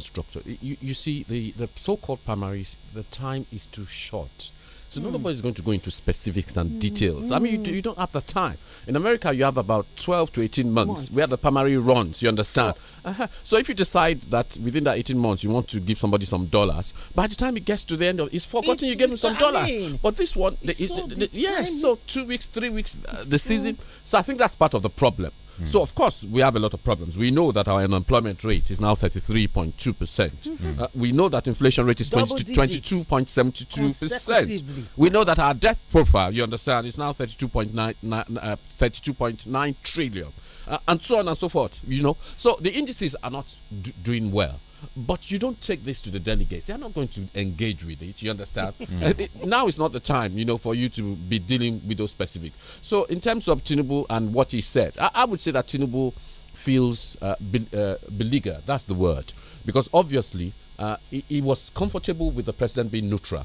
structure. You, you see, the, the so called primaries, the time is too short. So mm. is going to go into specifics and hmm. details. Mm. I mean, you, you, don't have the time. In America, you have about 12 to 18 months, months. where the primary runs, you understand? Sure. Uh -huh. So if you decide that within that 18 months you want to give somebody some dollars, by the time it gets to the end of it's forgotten it, you gave him some I dollars. Mean, but this one, the, so the, the, yes, so two weeks, three weeks, uh, the season. So I think that's part of the problem. So, of course, we have a lot of problems. We know that our unemployment rate is now 33.2%. percent mm-hmm. uh, we know that inflation rate is 22.72%. We know that our debt profile, you understand, is now 32.9 uh, 32.9 trillion. Uh, and so on and so forth, you know. So the indices are not doing well. But you don't take this to the delegates. They're not going to engage with it. You understand? Mm. It, now is not the time, you know, for you to be dealing with those specific. So, in terms of Tinubu and what he said, I, I would say that Tinubu feels uh, be, uh, beleaguered. That's the word. Because obviously, uh, he, he was comfortable with the president being neutral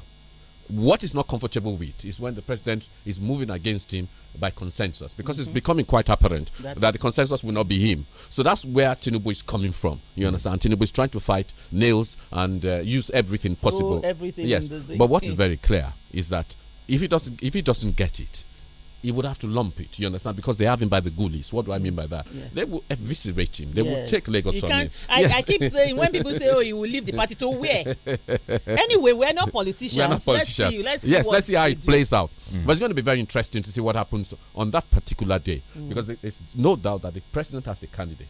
what is not comfortable with is when the president is moving against him by consensus, because mm -hmm. it's mm-hmm. becoming quite apparent that's that the consensus will not be him. So that's where Tinubu is coming from. You mm. understand? Tinubu is trying to fight nails and uh, use everything possible. everything yes, but what is very clear is that if he doesn't, if he doesn't get it, he would have to lump it. You understand? Because they have him by the ghoulies. What do I mean by that? Yeah. They will eviscerate him. They yes. will take Lagos from him. I, yes. I keep saying when people say, "Oh, he will leave the party," to where? anyway, we're not politicians. We're not politicians. Let's see, let's yes, let's see how it do. plays out. Mm. But it's going to be very interesting to see what happens on that particular day mm. because there's no doubt that the president has a candidate.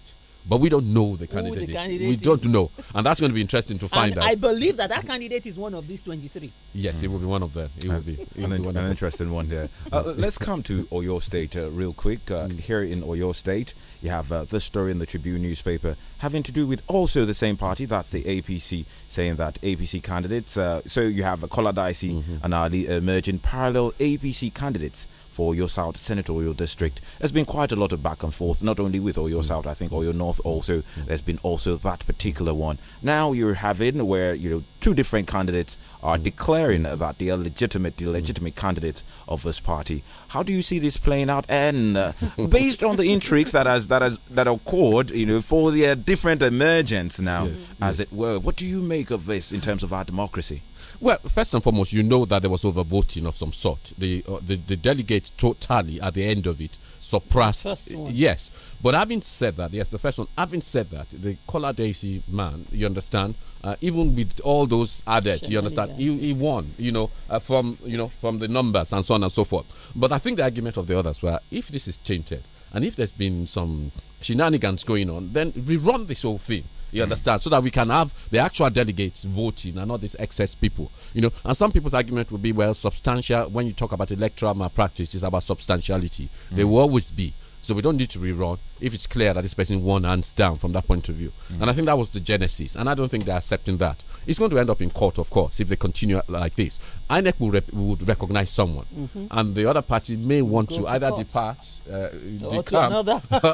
But we don't know the candidate. The candidate we don't know. And that's going to be interesting to find and out. I believe that that candidate is one of these 23. Yes, mm. it will be one of them. It will be. It an, an interesting one there. Uh, let's come to Oyo State uh, real quick. Uh, mm. Here in Oyo State, you have uh, this story in the Tribune newspaper having to do with also the same party. That's the APC saying that APC candidates. Uh, so you have Kola Dicey mm -hmm. and Ali emerging uh, parallel APC candidates for your South senatorial district. There's been quite a lot of back and forth, not only with Oyo your mm. South, I think Oyo North also. Mm. There's been also that particular one. Now you're having where you know two different candidates are mm. declaring that they are legitimate, the legitimate candidates of this party. How do you see this playing out? And uh, based on the intrigues that has that has that occurred, you know, for the uh, different emergence now, yeah. as it were, what do you make of this in terms of our democracy? Well, first and foremost, you know that there was overvoting of some sort. The uh, the, the delegate totally at the end of it suppressed. Yes, but having said that, yes, the first one. Having said that, the Collar Daisy man, you understand, uh, even with all those added, you understand, he, he, won. You know, uh, from you know from the numbers and so on and so forth. But I think the argument of the others were, if this is tainted and if there's been some shenanigans going on, then rerun this whole thing you understand? So that we can have the actual delegates voting and not these excess people. You know, and some people's argument would be, well, substantial. When you talk about electoral malpractice, it's about substantiality. Mm. They will always be. So we don't need to rerun if it's clear that this person won hands down from that point of view. Mm. And I think that was the genesis. And I don't think they're accepting that. It's going to end up in court, of course, if they continue like this. INEC will, rep, recognize someone, mm -hmm. and the other party may want to, to, either court. depart, uh, decamp,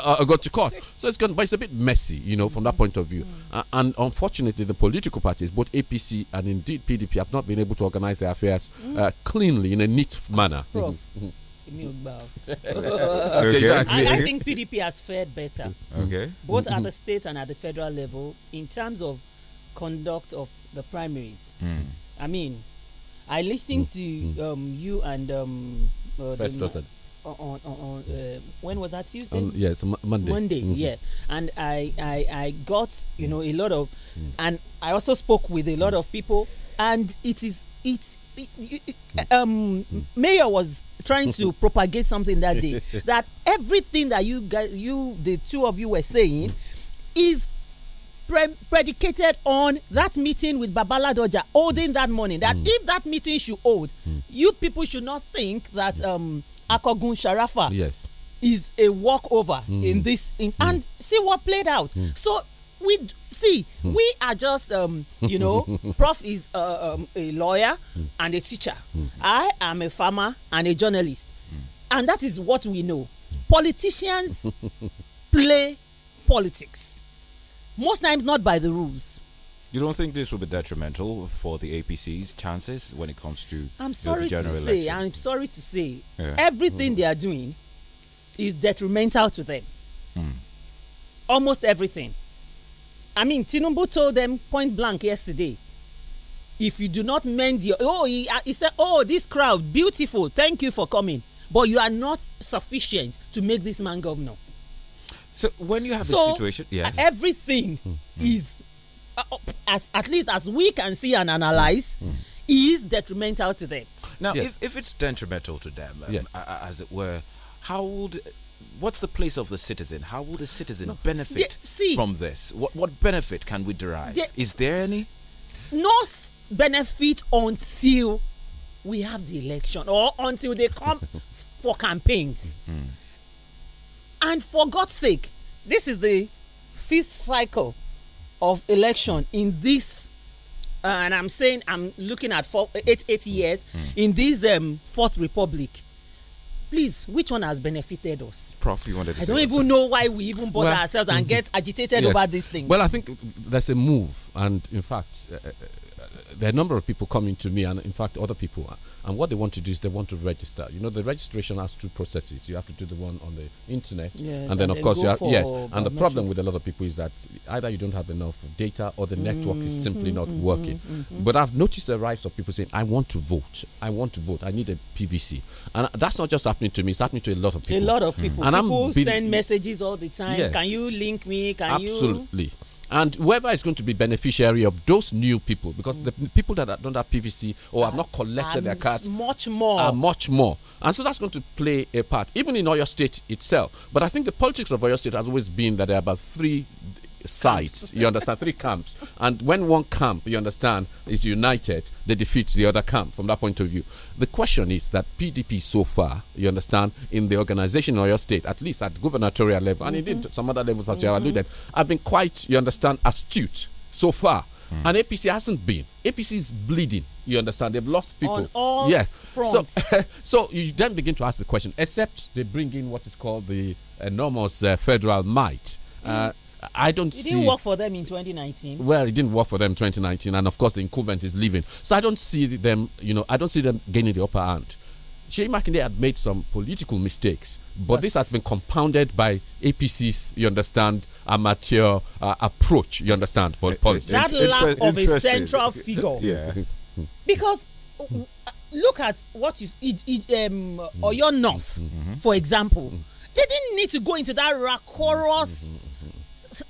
or go to court. So it's going, but it's a bit messy, you know, from that point of view. Uh, and unfortunately, the political parties, both APC and indeed PDP, have not been able to organize their affairs mm. uh, cleanly in a neat manner. Mm-hmm. Mm-hmm. okay. I, I, think PDP has fared better. Okay. Both at the state and at the federal level, in terms of conduct of the primaries. Mm. I mean, I listened mm. to hmm. um, you and um, uh, on, on, on uh, when was that Tuesday? Um, yeah, it's Monday. Monday, mm -hmm. yeah. And I, I, I got you know a lot of, mm. and I also spoke with a lot mm. of people, and it is it, it hmm. um hmm. mayor was trying to propagate something that day that everything that you guys you the two of you were saying is predicated on that meeting with Babala Doja holding that morning. That mm. if that meeting should hold, mm. you people should not think that um, Akogun Sharafa yes. is a walkover mm. in this. Hmm. and see what played out. Hmm. So we see hmm. we are just um, you know prof is uh, um, a lawyer and a teacher i am a farmer and a journalist and that is what we know politicians play politics most times not by the rules. You don't think this will be detrimental for the APC's chances when it comes to I'm sorry you know, the general to say, election? I'm sorry to say, yeah. everything mm. they are doing is detrimental to them. Mm. Almost everything. I mean, Tinubu told them point blank yesterday. If you do not mend your oh, he, uh, he said, oh, this crowd, beautiful, thank you for coming, but you are not sufficient to make this man governor. So when you have so, a situation, yes, uh, everything mm is uh, uh, as at least as we can see and analyze mm is detrimental to them. Now, yes. if, if it's detrimental to them, um, yes. as it were, how would what's the place of the citizen? How will the citizen no. benefit see, from this? What what benefit can we derive? Is there any? No benefit until we have the election or until they come for campaigns. Mm. And for God's sake, this is the fifth cycle of election in this, uh, and I'm saying I'm looking at four, eight, eight years mm. in this um, fourth republic please which one has benefited us prof you wanted to i don't even know why we even bother well, ourselves and mm -hmm. get agitated yes. over these things well i think there's a move and in fact uh, uh there are a number of people coming to me, and in fact, other people. Are, and what they want to do is they want to register. You know, the registration has two processes. You have to do the one on the internet, yes, and then of course you have yes. And the problem with a lot of people is that either you don't have enough data or the mm -hmm. network is mm-hmm, simply not mm -hmm. working. Mm -hmm. But I've noticed the rise of people saying, "I want to vote. I want to vote. I need a PVC." And that's not just happening to me; it's happening to a lot of people. A lot of people. And people I'm send messages all the time. Yes. Can you link me? Can absolutely. you? Absolutely. And whoever is going to be beneficiary of those new people, because mm. the people that don't have PVC or have not collected their cards, much more, are much more. And so that's going to play a part, even in Oyo State itself. But I think the politics of Oyo State has always been that there are about three sides. You understand? Three camps. And when one camp, you understand, is united, they defeat the other camp from that point of view. The question is that PDP so far, you understand, in the organization of your state, at least at gubernatorial level, and mm -hmm. indeed mm-hmm. some other levels, as mm -hmm. you mm-hmm. alluded, have been quite, you understand, astute so far. Mm. And APC hasn't been. APC is bleeding. You understand? They've lost people. On all yes. Fronts. So, so you then begin to ask the question. Except they bring in what is called the enormous uh, federal might. Mm. Uh, I don't it see. It didn't work for them in 2019. Well, it didn't work for them in 2019, and of course, the incumbent is leaving. So I don't see them, you know, I don't see them gaining the upper hand. Shea McKinney had made some political mistakes, but That's this has been compounded by APC's, you understand, amateur uh, approach, you understand, politics. That lack of a central figure. yeah. Because uh, look at what you, um, mm. Oyo North, mm -hmm. for example. Mm-hmm. They didn't need to go into that rancorous. Mm -hmm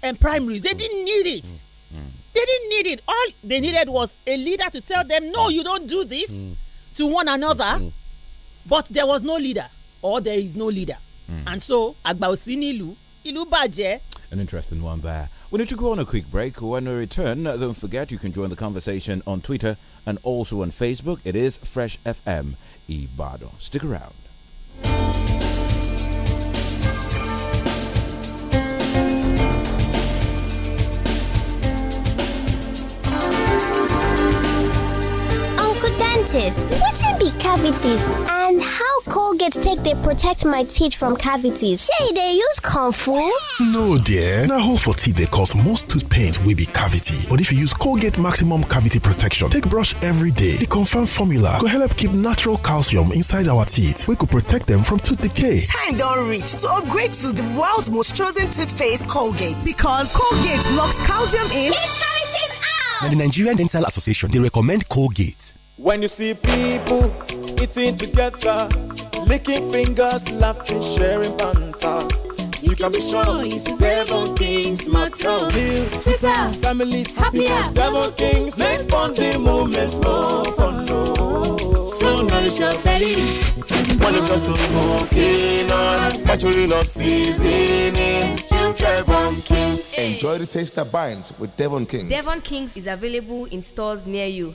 and eh, primaries. They didn't need it. Mm, mm. They didn't need it. All they needed was a leader to tell them, no, you don't do this mm. to one another. But there was no leader, or there is no leader. And so, Agbaosi Nilu, Ilu Baje. An interesting one there. We need to go on a quick break. When we return, uh, don't forget you can join the conversation on Twitter and also on Facebook. It is Fresh FM Ibado. Stick around. dentist? Wetin be cavities and how colgate take they protect my teeth from cavities? Say they use use fu? No dear, na hole for teeth they cause most tooth pains will be cavity. But if you use colgate maximum cavity protection take brush every day, the confirmed formula could help keep natural calcium inside our teeth We could protect them from tooth decay. Time don't reach to upgrade to the world's most chosen toothpaste colgate because colgate locks calcium in. Yes, cavities out! And the Nigerian Dental Association they recommend colgate. When you see people eating together, licking fingers, laughing, sharing banter, you, can, be sure it's Devon kings matter. Meals, sweeter, families, happier. Devon kings makes bonding moments more fun. Oh. So nourish your bellies. When it comes to smoking on, what you love seasoning, choose Devon Kings. Enjoy the taste that binds with Devon Kings. Devon Kings is available in stores near you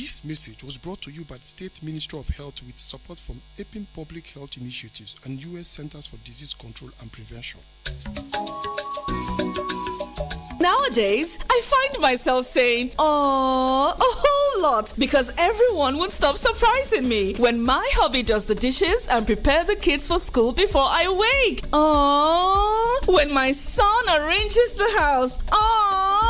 This message was brought to you by the State Ministry of Health with support from APIN Public Health Initiatives and U.S. Centers for Disease Control and Prevention. Nowadays, I find myself saying, "Oh, a whole lot," because everyone would stop surprising me when my hubby does the dishes and prepare the kids for school before I wake. Oh, when my son arranges the house. Oh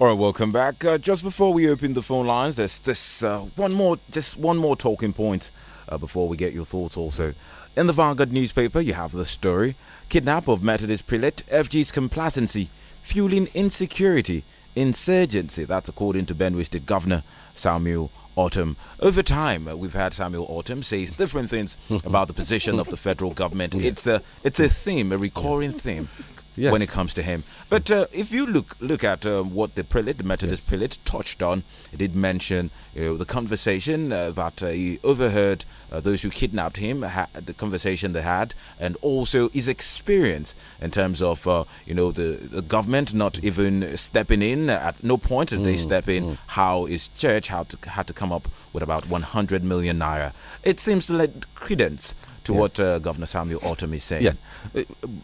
All right, welcome back. Uh, just before we open the phone lines, there's this uh, one more, just one more talking point uh, before we get your thoughts. Also, in the Vanguard newspaper, you have the story: kidnap of Methodist prelate, FG's complacency fueling insecurity, insurgency. That's according to Benue State Governor Samuel Autumn. Over time, uh, we've had Samuel Autumn say different things about the position of the federal government. It's a it's a theme, a recurring theme yes. when it comes to him. But uh, if you look look at uh, what the prelate, the Methodist yes. prelate, touched on, he did mention you know, the conversation uh, that uh, he overheard uh, those who kidnapped him, ha- the conversation they had, and also his experience in terms of uh, you know the, the, government not even stepping in. At no point did mm. they step in. Mm. How his church had to, had to come up with about 100 million naira. It seems to lend credence to yes. what uh, Governor Samuel Autumn is saying. Yeah. Uh,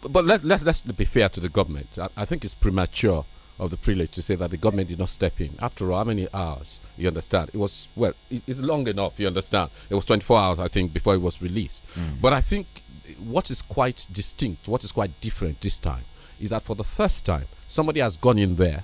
but let, let, let's be fair to the government. I, I think it's premature of the prelate to say that the government did not step in. After all, how many hours? You understand? It was, well, it, it's long enough, you understand. It was 24 hours, I think, before it was released. Mm. But I think what is quite distinct, what is quite different this time, is that for the first time, somebody has gone in there,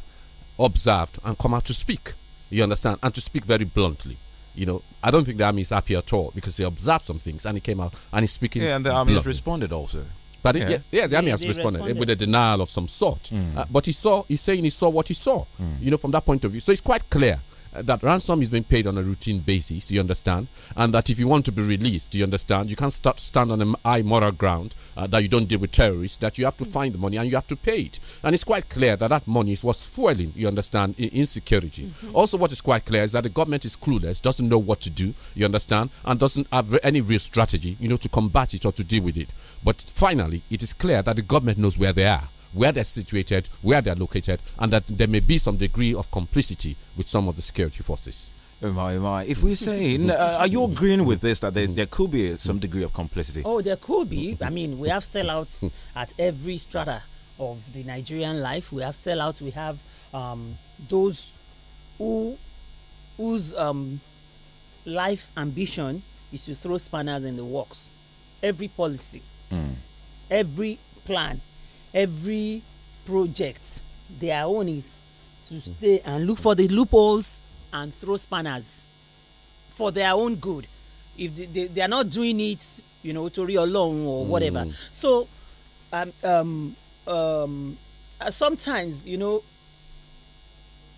observed, and come out to speak. You understand? And to speak very bluntly. You know, I don't think the army is happy at all because they observed some things and he came out and he's speaking. Yeah, and the army has responded also. But yeah, it, yeah, yeah the army has responded, responded, with a denial of some sort. Mm. Uh, but he saw, he's saying he saw what he saw, mm. you know, from that point of view. So it's quite clear uh, that ransom is being paid on a routine basis, you understand? And that if you want to be released, you understand, you can't start, stand on a high moral ground uh, that you don't deal with terrorists, that you have to mm. find the money and you have to pay it. And it's quite clear that that money is what's fueling, you understand, insecurity. Mm -hmm. Also, what is quite clear is that the government is clueless, doesn't know what to do, you understand, and doesn't have any real strategy, you know, to combat it or to deal with it. But finally, it is clear that the government knows where they are where they're situated, where they're located, and that there may be some degree of complicity with some of the security forces. Oh my, oh my. If we're saying, uh, are you agreeing with this that there's, there could be some degree of complicity? Oh, there could be. I mean, we have sellouts at every strata of the Nigerian life. We have sellouts. We have um, those who whose um, life ambition is to throw spanners in the works. Every policy, mm. every plan, every project, their own is to stay and look for the loopholes and throw spanners for their own good if they, they, they are not doing it you know to real long or mm. whatever so um, um, um, uh, sometimes you know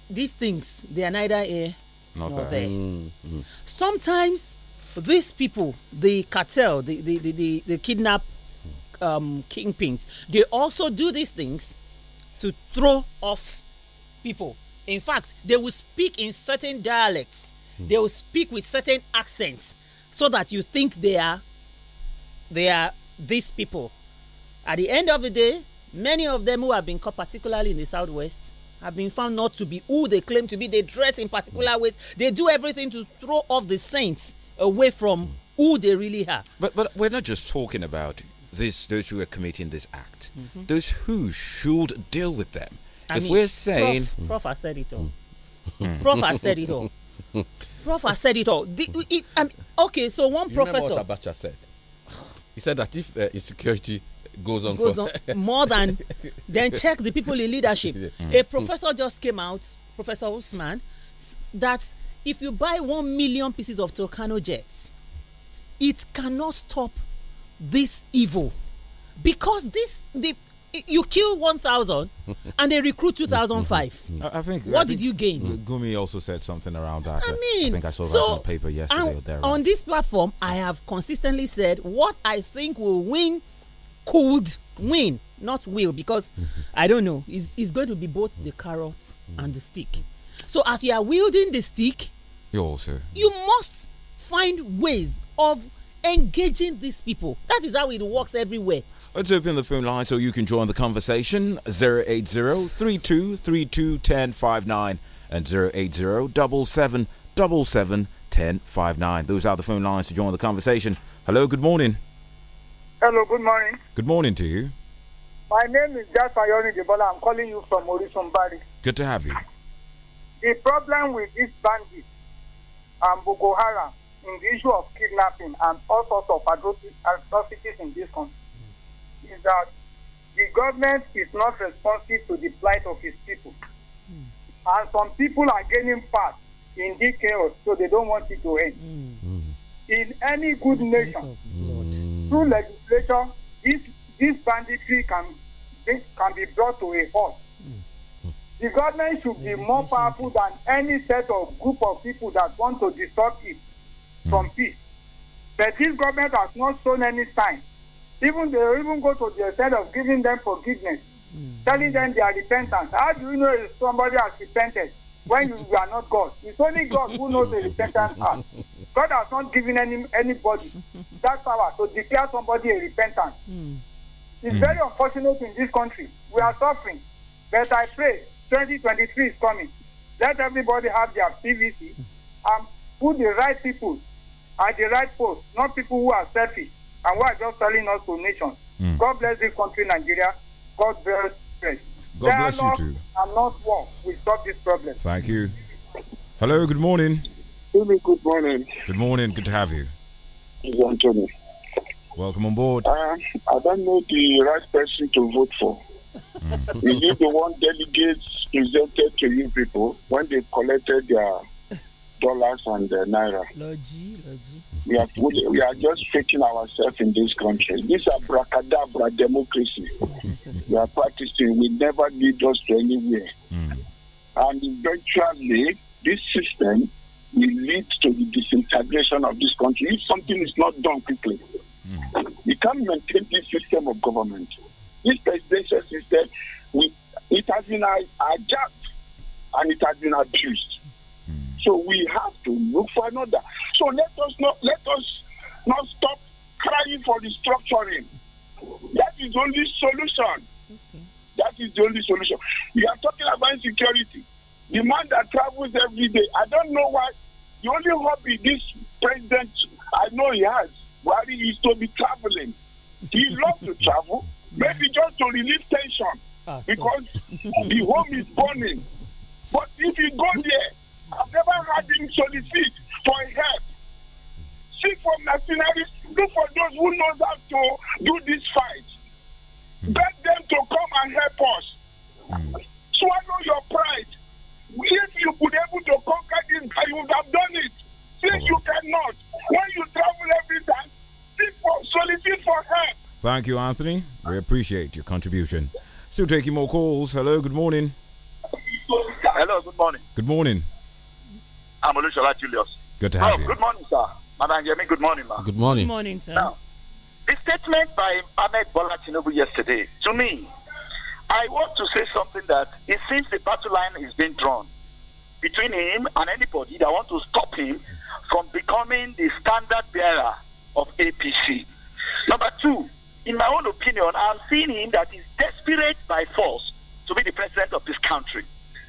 these things they are neither here Not nor there. Mm, mm Sometimes these people, the cartel, the the the, the, the kidnap um, kingpins, they also do these things to throw off people. In fact, they will speak in certain dialects. Mm. They will speak with certain accents so that you think they are they are these people. At the end of the day, many of them who have been caught, particularly in the southwest, have been found not to be who they claim to be. They dress in particular hmm. ways. They do everything to throw off the saints away from hmm. who they really are. But but we're not just talking about this those who are committing this act. Mm -hmm. Those who should deal with them if mean, we're saying, Prof, Prof hmm. said it all. Prof said it all. Prof said it all. The, it, I mean, okay, so one you professor. Remember what Abacha said? He said that if uh, insecurity goes on, goes on more than then check the people in leadership. Hmm. A professor just came out, Professor Usman, that if you buy one million pieces of Torcano jets, it cannot stop this evil because this the you kill 1,000 and they recruit 2,005. Mm-hmm. Mm-hmm. I think. What I think did you gain? Gumi also said something around that. I mean, I think I saw so, that in the paper yesterday or there. On this platform, I have consistently said what I think will win could win, not will, because mm-hmm. I don't know. It's, it's going to be both the carrot and the stick. So as you are wielding the stick, you also you must find ways of engaging these people. That is how it works everywhere. Let's open the phone line so you can join the conversation 080 3232 and 080 7777 1059. Those are the phone lines to join the conversation. Hello, good morning. Hello, good morning. Good morning to you. My name is Jasayori Debola. I'm calling you from Orisumbari. Good to have you. The problem with this bandit and um, Boko Haram in the issue of kidnapping and all sorts of atrocities in this country is that the government is not responsive to the plight of its people. Mm. And some people are gaining part in this chaos, so they don't want it to end. Mm. In any good nation, hmm. through legislation, this, this banditry can, this can be brought to a halt. Mm. The government should be more powerful than any set of group of people that want to disrupt it from hmm. peace. But this government has not shown any sign even they even go to the extent of giving them forgiveness, mm. telling them their repentance. How do you know if somebody has repented when you, you are not God? It's only God who knows the repentance heart. God has not given any anybody that power to declare somebody a repentant. Mm. It's mm. very unfortunate in this country. We are suffering. But I pray 2023 is coming. Let everybody have their PVC and mm. put um, the right people at the right post, not people who are selfish and who are just telling us to nations. Mm. God bless this country, Nigeria. God bless it. God bless Dialogue you too. And not war will stop this problem. Thank you. Hello, good morning. Good morning. Good morning. Good to have you. Anthony. Welcome on board. Uh, I don't know the right person to vote for. Hmm. Is it the one delegates presented to you people when they collected their dollars and their naira? Logi, logi. We are, we are just faking ourselves in this country. This brakadabra democracy we are practicing will never lead us to anywhere. Mm. And eventually, this system will lead to the disintegration of this country if something is not done quickly. Mm. We can't maintain this system of government. This presidential system, we, it has been hijacked and it has been abused. So we have to look for another. So let us not let us not stop crying for restructuring. That is the only solution. Okay. That is the only solution. We are talking about security. The man that travels every day, I don't know why. The only hobby this president I know he has, why is to be traveling. He loves to travel, maybe just to relieve tension ah, because the home is burning. But if you go there, I've never had him solicit for help. Seek for mercenaries. Look for those who knows how to do this fight. Beg them to come and help us. Swallow your pride. If you could able to conquer this guy, you would have done it. Since you cannot, when you travel every time, seek for solicit for help. Thank you, Anthony. We appreciate your contribution. Still taking more calls. Hello, good morning. Hello, good morning. Good morning. I'm Olushola Julius. Good to have oh, you. Good morning, sir. Madam Yemi, good morning, ma'am. Good morning. Good morning, sir. Now, the statement by Ahmed Bola Tinubu yesterday, to me, I want to say something that it seems the battle line is being drawn between him and anybody that want to stop him from becoming the standard bearer of APC. Number two, in my own opinion, I'm seeing him that is desperate by force to be the president of this country.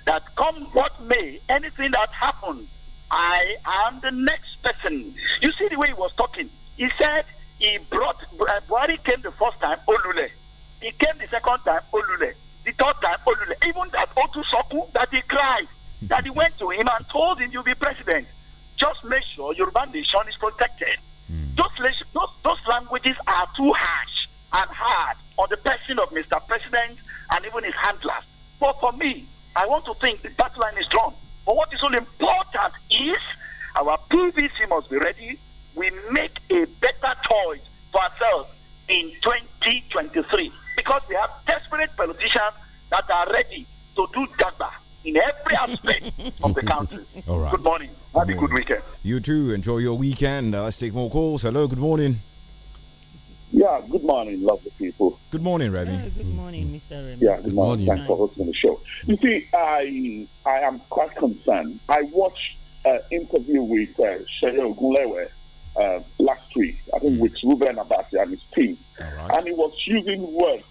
That come what may, anything that happens I am the next person. You see the way he was talking. He said he brought uh, Buhari came the first time, Olule. He came the second time, Olule. The third time, Olule. Even that Otu Soku that he cried, that he went to him and told him you'll be president. You too. Enjoy your weekend. Uh, let's take more calls. Hello. Good morning. Yeah, good morning, lovely people. Good morning, Remy. Yeah, good morning, Mr. Remy. Yeah, good, good morning. morning. Thanks for hosting the show. You see, I I am quite concerned. I watched an interview with uh, Sheye uh, last week, I think mm. with Ruben Abati and his team. Right. And he was using words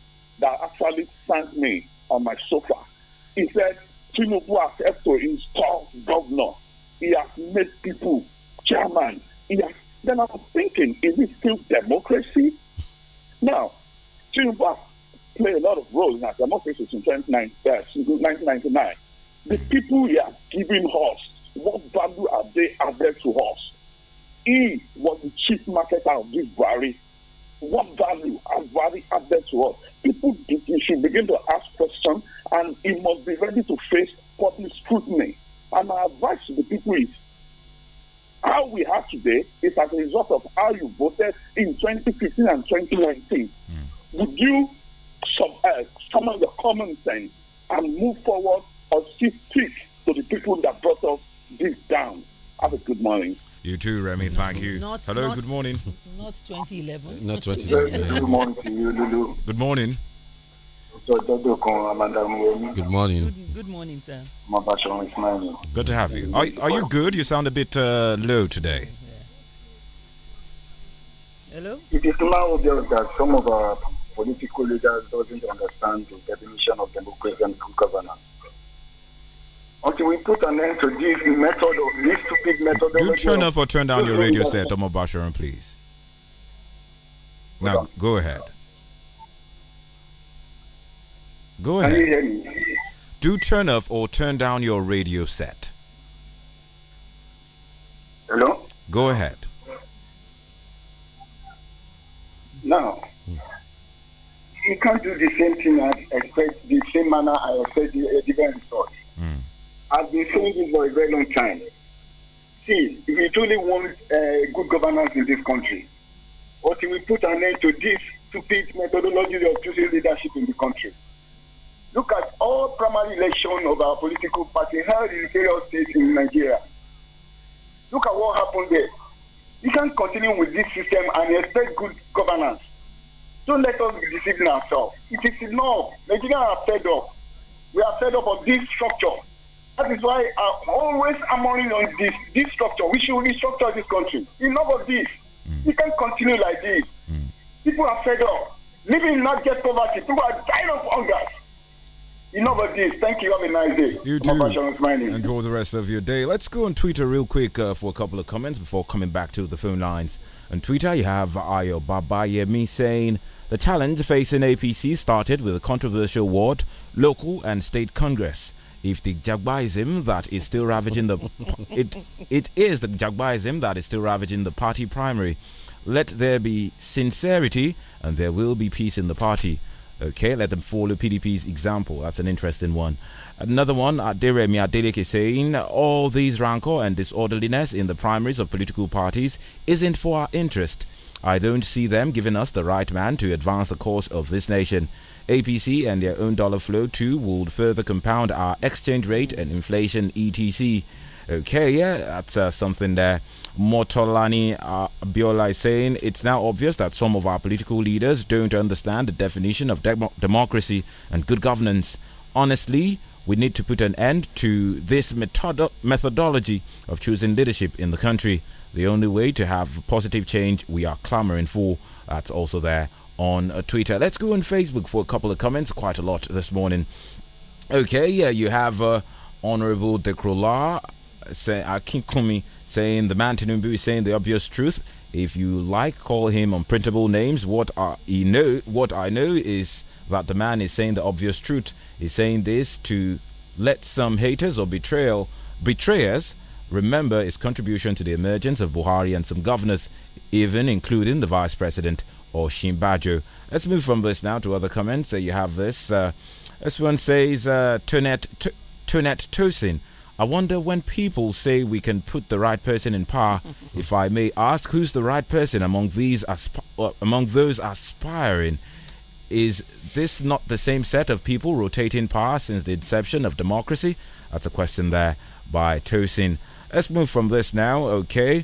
2015 and 2019, mm. would you some, uh, summon your common sense and move forward or speak to the people that brought us this down? Have a good morning. You too, Remy. Thank you. Not, Hello. Not, good morning. Not 2011. Not 2011. good morning to you, Lulu. Good morning. Good morning. Good, good morning, sir. Good to have you. Are, are you good? You sound a bit uh, low today. are obvious that some of our political leaders doesn't understand the definition of democracy and good governance. Until we put an end to this method of this stupid method Do turn off or turn down your radio set, Omo Basharan, please. Now go ahead. Go ahead. Do turn off or turn down your radio set. Hello? Go ahead. Now, you can't do the same thing as expect, the same manner I expect the uh, different result. Mm. I've been saying this for a very long time. See, if we truly want uh, good governance in this country, what if we put an end to this stupid methodology of choosing leadership in the country? Look at all primary elections of our political party held in various states in Nigeria. Look at what happened there you can't continue with this system and expect good governance. Don't let us be deceiving ourselves. It is enough. Nigerians are fed up. We are fed up of this structure. That is why I'm always hammering on this, this structure. We should restructure this country. Enough of this. Mm. You can't continue like this. Mm. People are fed up. Living in not just poverty. People are dying of hunger this. Thank you. Have a nice day. You too. Enjoy the rest of your day. Let's go on Twitter real quick uh, for a couple of comments before coming back to the phone lines. On Twitter, you have Ayo Babayemi saying the challenge facing APC started with a controversial ward, local and state congress. If the Jagbaism that is still ravaging the it it is the Jagbaism that is still ravaging the party primary. Let there be sincerity, and there will be peace in the party. Okay, let them follow PDP's example. That's an interesting one. Another one, Adere Adelik is saying, all these rancor and disorderliness in the primaries of political parties isn't for our interest. I don't see them giving us the right man to advance the cause of this nation. APC and their own dollar flow too would further compound our exchange rate and inflation, etc. Okay, yeah, that's uh, something there. Motolani uh, Biola is saying it's now obvious that some of our political leaders don't understand the definition of democracy and good governance. Honestly, we need to put an end to this methodology of choosing leadership in the country. The only way to have positive change we are clamoring for. That's also there on uh, Twitter. Let's go on Facebook for a couple of comments. Quite a lot this morning. Okay, yeah, you have uh, Honorable Dekrola, uh, say Akinkumi. Uh, saying the man Tinubu is saying the obvious truth. If you like, call him unprintable names. What I know, what I know is that the man is saying the obvious truth. He's saying this to let some haters or betrayal betrayers remember his contribution to the emergence of Buhari and some governors, even including the vice president or Shimbajo. Let's move from this now to other comments. So you have this. Uh, this one says uh, Tonet Tosin I wonder when people say we can put the right person in power, if I may ask, who's the right person among these asp- uh, among those aspiring? Is this not the same set of people rotating power since the inception of democracy? That's a question there by Tosin. Let's move from this now, okay?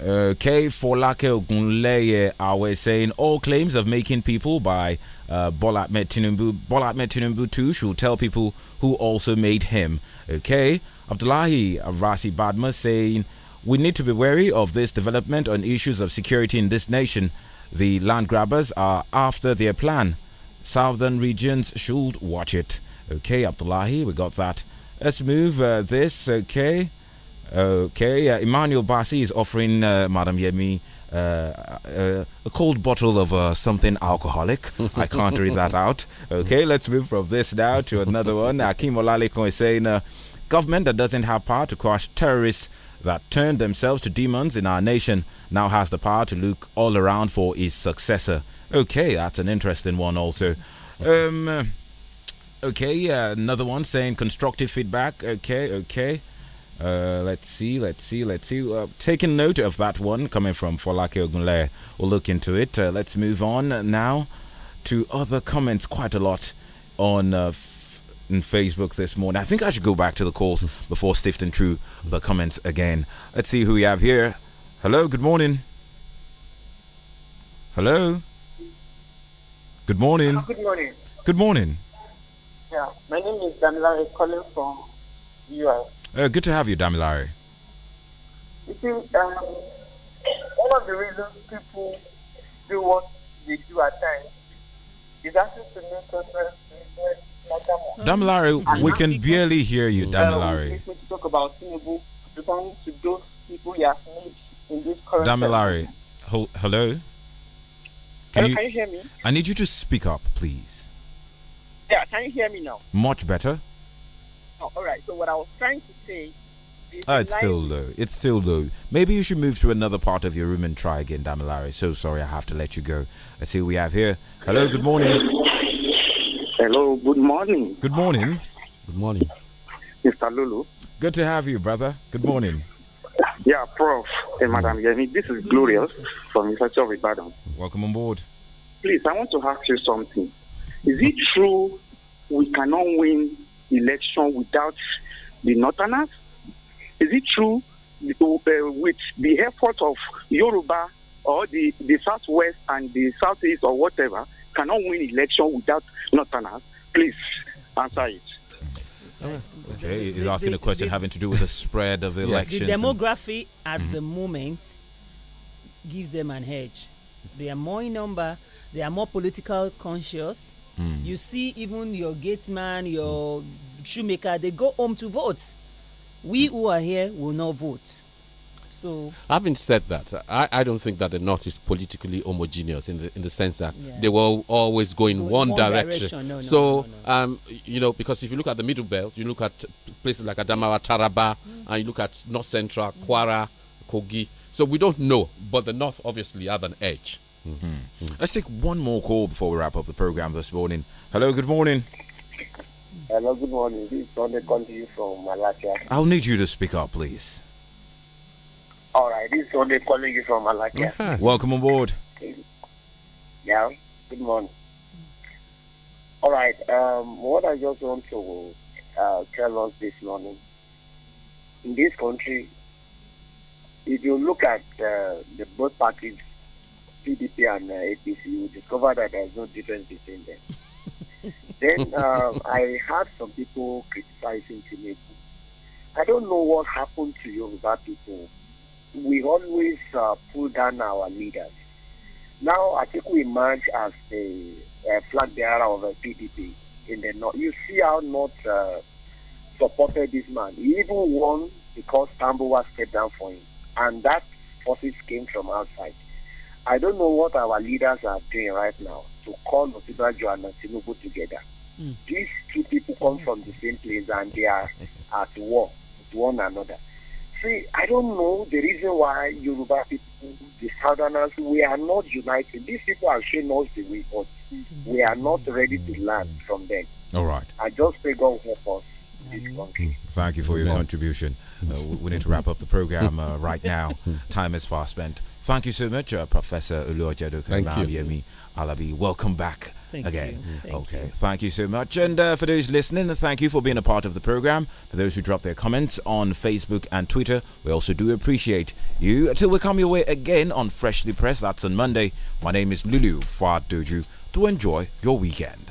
Okay, For Folake Ogunleye Awe saying all claims of making people by uh, Bola Ahmed Tinubu, too should tell people who also made him. Okay, Abdullahi Rasi Badma saying, We need to be wary of this development on issues of security in this nation. The land grabbers are after their plan. Southern regions should watch it. Okay, Abdullahi, we got that. Let's move uh, this, okay? Okay, uh, Emmanuel Basi is offering uh, Madam Yemi uh, a cold bottle of uh, something alcoholic. I can't read that out. Okay, let's move from this now to another one. Akim Olalekon is saying, uh, government that doesn't have power to crush terrorists that turned themselves to demons in our nation now has the power to look all around for his successor. Okay, that's an interesting one also. Um, uh, okay, uh, another one saying constructive feedback. Okay, okay. Uh, let's see, let's see, let's see. Uh, taking note of that one coming from Folake Ogunle. We'll look into it. Uh, let's move on now to other comments. Quite a lot on uh, in Facebook this morning. I think I should go back to the calls before sifting through the comments again. Let's see who we have here. Hello, good morning. Hello. Good morning. good morning. Good morning. Yeah, my name is Damilare calling from US. Uh, good to have you, Damilari. You see, um, one of the reasons people do what they do at times is actually to make us Damilari, we can barely hear you, Damilari. Um, talk about Tinubu referring to those people he has made in this current. Damilari, hol- hello. Can, hello you, can you hear me? I need you to speak up, please. Yeah, can you hear me now? Much better all right. So what I was trying to say. Oh, it's still low. It's still low. Maybe you should move to another part of your room and try again, Damilare. So sorry, I have to let you go. Let's see what we have here. Hello, good morning. Hello, good morning. Good morning. Good morning. Mr. Lulu. Good to have you, brother. Good morning. Yeah, Prof. And Madam Yemi, this is Glorious from University of Ibadan. Welcome on board. Please, I want to ask you something. Is it true we cannot win election without the Northerners? Is it true uh, with the effort of Yoruba or the, the Southwest and the Southeast or whatever cannot win election without Northerners? Please answer it. Okay, he's asking a question having to do with the spread of elections. The demography at mm -hmm. the moment gives them an edge. They are more in number, they are more political conscious, Hmm. You see, even your gate man, your shoemaker, they go home to vote. We who are here will not vote. So, having said that, I, I don't think that the North is politically homogeneous in the in the sense that yeah. they will always go in, go one, one, direction. direction. No, no, so, no, um, you know, because if you look at the Middle Belt, you look at places like Adamawa, Taraba, mm. and you look at North Central, hmm. Kwara, Kogi. So we don't know, but the North obviously have an edge hmm Let's take one more call before we wrap up the program this morning. Hello, good morning. Hello, good morning. This is Sunday calling you from Malaysia. I'll need you to speak up, please. All right, this is Sunday calling you from Malaysia. Uh-huh. Welcome aboard. Yeah, good morning. All right, um, what I just want to uh, tell us this morning in this country, if you look at uh, the both parties PDP and uh, APC, you discover that there's no difference between them. then uh, I had some people criticizing Tinubu. I don't know what happened to Yoruba people. We always uh, pull down our leaders. Now I think we emerge as a, a uh, flag bearer of a PDP in the north. You see how North uh, supported this man. He even won because Tambo was stepped down for him, and that forces came from outside. I don't know what our leaders are doing right now to call Otibajo and Tinubu together. Mm. These two people come from the same place and they are at war with one another. See, I don't know the reason why Yoruba people, the Southerners, we are not united. These people are showing us the way, but we are not ready to learn from them. All right. I just pray God help us. Hmm. Hmm. Thank you for your contribution. Uh, we need to wrap up the program uh, right now. Time is far spent. Thank you so much, uh, Professor Uluojedo Yemi Alabi. Welcome back thank again. Thank okay, you. thank you so much. And uh, for those listening, thank you for being a part of the program. For those who drop their comments on Facebook and Twitter, we also do appreciate you. Until we come your way again on Freshly Pressed, that's on Monday. My name is Lulu Fadoju. To enjoy your weekend.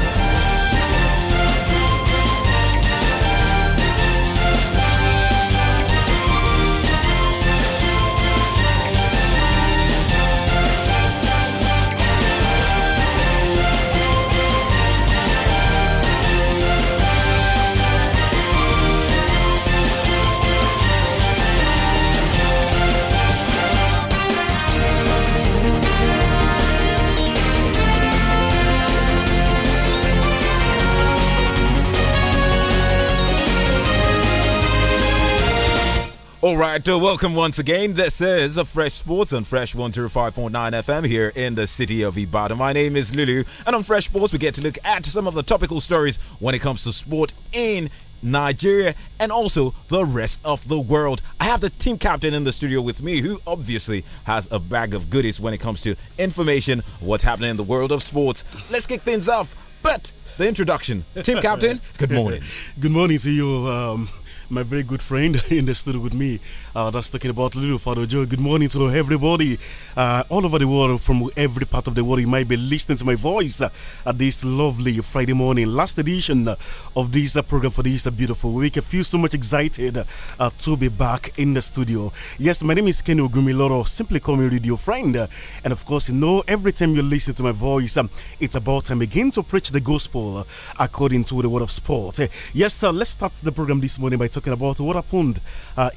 right, uh, welcome once again. This is a Fresh Sports on Fresh 105.9 FM here in the city of Ibadan. My name is Lulu, and on Fresh Sports, we get to look at some of the topical stories when it comes to sport in Nigeria, and also the rest of the world. I have the team captain in the studio with me, who obviously has a bag of goodies when it comes to information, what's happening in the world of sports. Let's kick things off, but the introduction. Team captain, good morning. good morning to you. Um, my very good friend in the studio with me, uh, that's talking about little Father Joe. Good morning to everybody uh, all over the world, from every part of the world. You might be listening to my voice uh, at this lovely Friday morning, last edition of this uh, program for this uh, beautiful week. I feel so much excited uh, to be back in the studio. Yes, my name is Kenny Ogumiloro. Simply call me Radio Friend. And of course, you know, every time you listen to my voice, um, it's about time again to preach the gospel according to the word of sport. yes, sir. let's start the program this morning by talking about what happened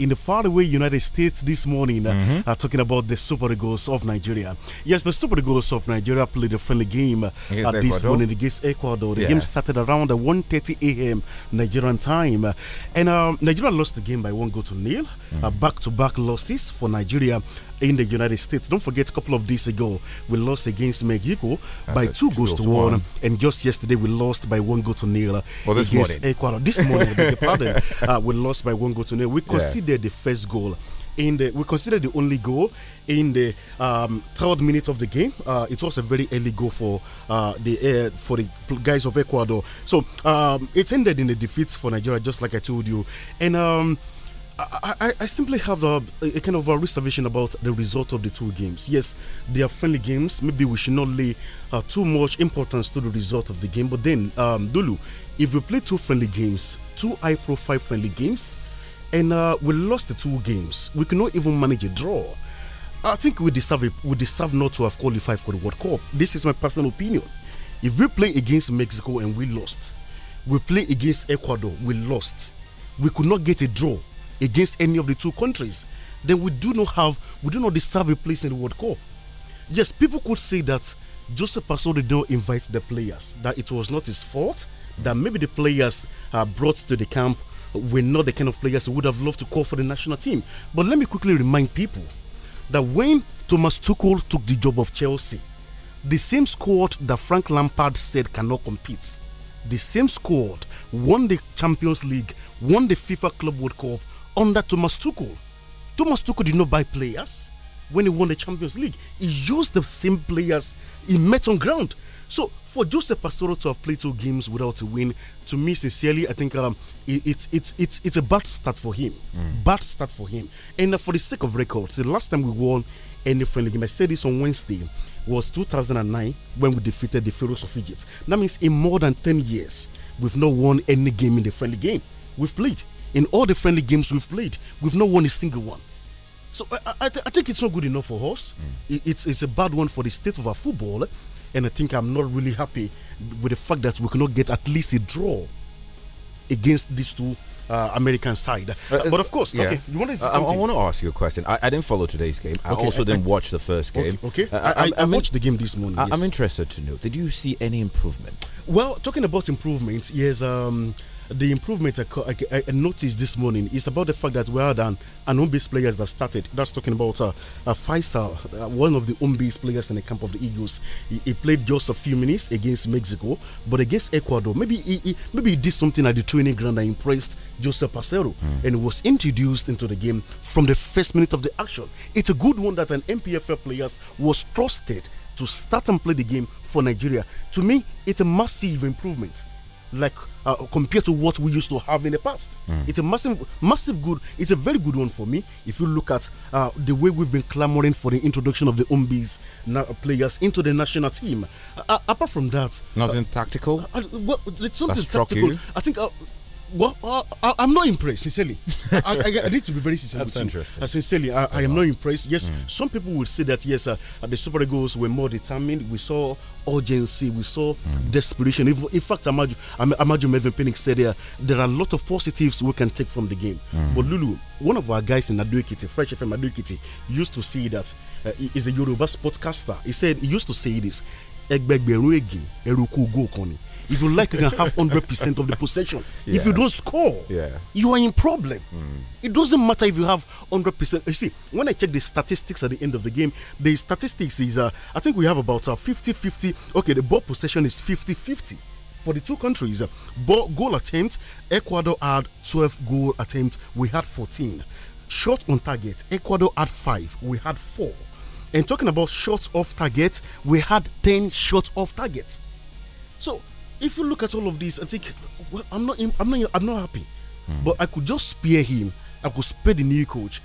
in the far away. United States this morning, mm -hmm. uh, mm-hmm. talking about the Super Eagles of Nigeria. Yes, the Super Eagles of Nigeria played a friendly game uh, this morning against Ecuador. The game started around uh, 1.30 a.m. Nigerian time. And um, Nigeria lost the game by one goal to nil. Mm -hmm. Uh, back to back losses for Nigeria in the United States. Don't forget, a couple of days ago, we lost against Mexico That's by two, goals to one. one. and just yesterday we lost by one goal to nil well, this against morning. Ecuador. This morning, pardon, uh, we lost by one goal to nil. We considered yeah. the first goal in the we consider the only goal in the um, third minute of the game. Uh, it was a very early goal for uh, the uh, for the guys of Ecuador. So um, it ended in a defeat for Nigeria, just like I told you. And um, I, I, simply have a, a, kind of a reservation about the result of the two games. Yes, they are friendly games. Maybe we should not lay uh, too much importance to the result of the game. But then, um, Dulu, if we play two friendly games, two high profile friendly games, and uh, we lost the two games, we cannot even manage a draw. I think we deserve, it, we deserve not to have qualified for the World Cup. This is my personal opinion. If we play against Mexico and we lost, we play against Ecuador, we lost, we could not get a draw against any of the two countries, then we do not have, we do not deserve a place in the World Cup. Yes, people could say that Joseph Paso did not invite the players, that it was not his fault, that maybe the players are uh, brought to the camp were not the kind of players who would have loved to call for the national team. But let me quickly remind people that when Thomas Tuchel took the job of Chelsea, the same squad that Frank Lampard said cannot compete, the same squad won the Champions League, won the FIFA Club World Cup, under Thomas Tuchel. Thomas Tuchel did not buy players when he won the Champions League. He used the same players he met on ground. So for Joseph Pastoro to have played two games without a win, to me sincerely, I think um, it's it, it, it, it's a bad start for him. Mm. Bad start for him. And uh, for the sake of records, the last time we won any friendly game, I said this on Wednesday, was 2009 when we defeated the Pharaohs of Egypt. That means in more than 10 years, we've not won any game in the friendly game we've played in all the friendly games we've played, we've not won a single one. So I, I, I think it's not good enough for us. Mm. it's, it's a bad one for the state of our football. And I think I'm not really happy with the fact that we cannot get at least a draw against these two uh, American side. Uh, uh, but of course, yeah. okay. To uh, I, I want to ask you a question. I, I didn't follow today's game. I okay, also I, didn't watch the first game. Okay, okay. Uh, I, I, watched the game this morning. I, am interested to know. Did you see any improvement? Well, talking about improvements, yes. Um, the improvement I, I, I, noticed this morning is about the fact that we had an, an home players that started. That's talking about uh, uh, Faisal, uh, one of the Umbis players in the camp of the Eagles. He, he, played just a few minutes against Mexico, but against Ecuador, maybe he, he maybe he did something at the training ground that impressed Joseph Pacero mm. and was introduced into the game from the first minute of the action. It's a good one that an MPFL player was trusted to start and play the game for Nigeria. To me, it's a massive improvement like uh, compared to what we used to have in the past. Mm. It's a massive, massive good. It's a very good one for me. If you look at uh, the way we've been clamoring for the introduction of the Umbis players into the national team. Uh, apart from that, nothing uh, tactical. well, it's something tactical. You? I think uh, well, uh, I, am not impressed, sincerely. I, I, I, need to be very sincere That's interesting. Uh, sincerely, I, I, am not impressed. Yes, mm. some people will say that, yes, uh, uh the Super Eagles were more determined. We saw urgency, we saw mm. desperation. If, in fact, Amaju, Amaju Melvin Penning said uh, there are a lot of positives we can take from the game. Mm. But Lulu, one of our guys in Aduikiti, Fresh FM Aduikiti, used to say that uh, he's a Yoruba sportcaster. He said, he used to say this, koni. If you like, you can have 100% of the possession. Yeah. If you don't score, yeah. you are in problem. Mm. It doesn't matter if you have 100%. You see, when I check the statistics at the end of the game, the statistics is, uh, I think we have about uh, 50 50. Okay, the ball possession is 50 50 for the two countries. Ball, goal attempt, Ecuador had 12 goal attempts, we had 14. Shot on target, Ecuador had 5, we had 4. And talking about shots off target, we had 10 shots off target. So if you look at all of this and think, well, I'm not, I'm not, I'm not happy, mm. but I could just spare him. I could spare the new coach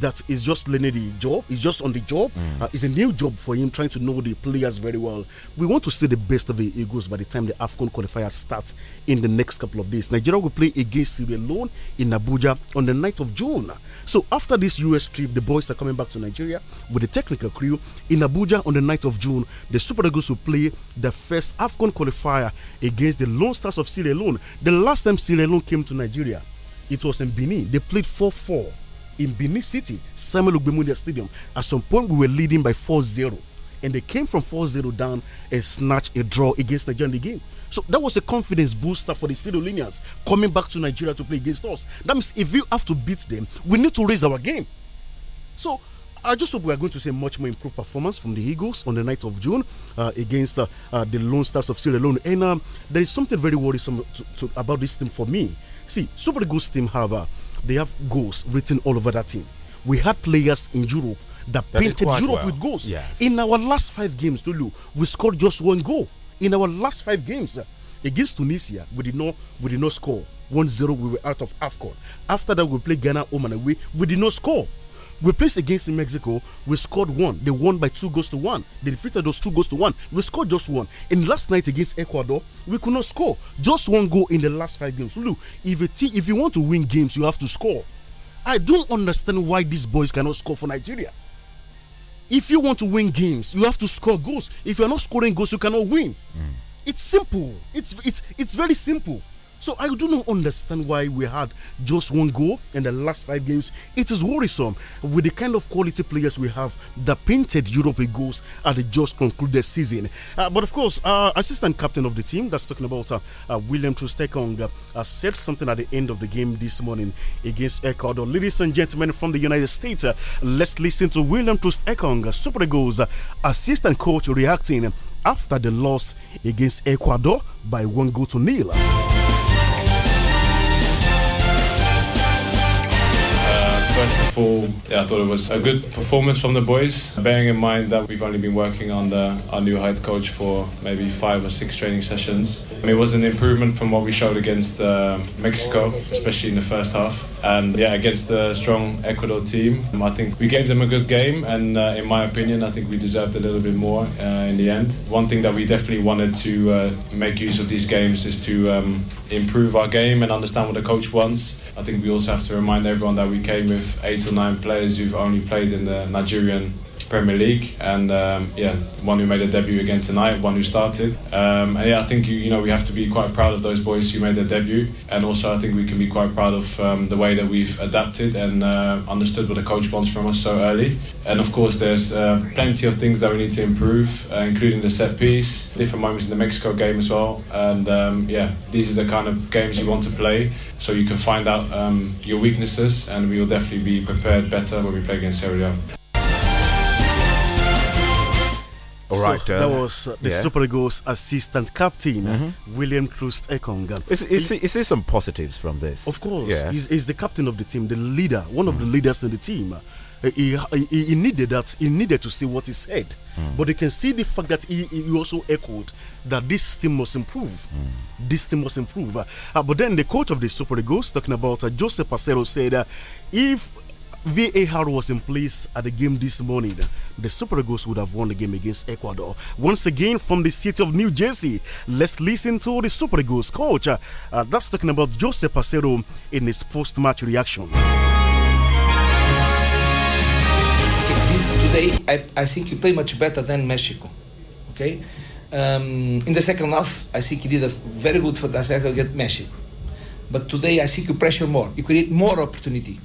that is just learning the job, It's just on the job. Mm. Uh, it's a new job for him, trying to know the players very well. We want to see the best of the Eagles by the time the Afghan qualifiers start in the next couple of days. Nigeria will play against Syria alone in Abuja on the 9th of June. So after this US trip, the boys are coming back to Nigeria with the technical crew in Abuja on the 9th of June. The Super Eagles will play the first Afghan qualifier against the Lone Stars of Sierra Leone. The last time Sierra Leone came to Nigeria, it was in Benin. They played 4 4 in Benin City, Samuel Beninia Stadium. At some point, we were leading by 4 0. And they came from 4 0 down and snatched a draw against Nigeria game. So that was a confidence booster for the Sidolinians coming back to Nigeria to play against us. That means if you have to beat them, we need to raise our game. So I just hope we are going to see much more improved performance from the Eagles on the night of June uh, against uh, uh, the Lone Stars of Sierra Leone. And um, there is something very worrisome to, to, about this team for me. See, Super Eagles team have uh, they have goals written all over that team. We had players in Europe that, that painted Europe well. with goals. Yes. In our last five games, Lulu, we scored just one goal. In our last five games uh, against Tunisia, we did not we did not score. 1-0, we were out of AFCON. After that, we played Ghana home and away. We did not score. We played against Mexico. We scored one. They won by two goals to one. They defeated us two goals to one. We scored just one. And last night against Ecuador, we could not score. Just one goal in the last five games. Look, if a team, if you want to win games, you have to score. I don't understand why these boys cannot score for Nigeria. If you want to win games, you have to score goals. If you're not scoring goals, you cannot win. Mm. It's simple. It's it's it's very simple. So I do not understand why we had just one goal in the last five games. It is worrisome with the kind of quality players we have that painted Europe goals at the just concluded season. Uh, but of course, uh, assistant captain of the team that's talking about uh, uh William Trustekong uh, said something at the end of the game this morning against Ecuador. Ladies and gentlemen from the United States, let's listen to William Trustekong, Super goals. assistant coach, reacting after the loss against Ecuador by one goal to nil. First of all, yeah, I thought it was a good performance from the boys, bearing in mind that we've only been working under our new head coach for maybe five or six training sessions. I mean, it was an improvement from what we showed against uh, Mexico, especially in the first half. And yeah, against the strong Ecuador team, I think we gave them a good game. And uh, in my opinion, I think we deserved a little bit more uh, in the end. One thing that we definitely wanted to uh, make use of these games is to um, improve our game and understand what the coach wants I think we also have to remind everyone that we came with eight or nine players who've only played in the Nigerian Premier League, and um, yeah, one who made a debut again tonight, one who started. Um, and yeah, I think you, you know we have to be quite proud of those boys who made their debut, and also I think we can be quite proud of um, the way that we've adapted and uh, understood what the coach wants from us so early. And of course, there's uh, plenty of things that we need to improve, uh, including the set piece, different moments in the Mexico game as well. And um, yeah, these are the kind of games you want to play, so you can find out um, your weaknesses, and we will definitely be prepared better when we play against Serie A so uh, that was uh, the yeah. Super Eagles assistant captain, mm -hmm. William Trust Ekong. Is, is, he, is some positives from this? Of course. He's, he's, the captain of the team, the leader, one of mm. the mm-hmm. leaders in the team. Uh, he, he, he, needed that. He needed to see what he said. Mm. But you can see the fact that he, he also echoed that this team must improve. Mm. This team must improve. Uh, but then the coach of the Super Eagles, talking about uh, Joseph Pacero, said uh, if VAR was in place at the game this morning. The Super Eagles would have won the game against Ecuador. Once again, from the city of New Jersey, let's listen to the Super Eagles coach. Uh, that's talking about Jose Pacero in his post match reaction. Today, I, I, think you play much better than Mexico. Okay? Um, in the second half, I think you did a very good for the second against Mexico. But today, I think you pressure more. You create more opportunity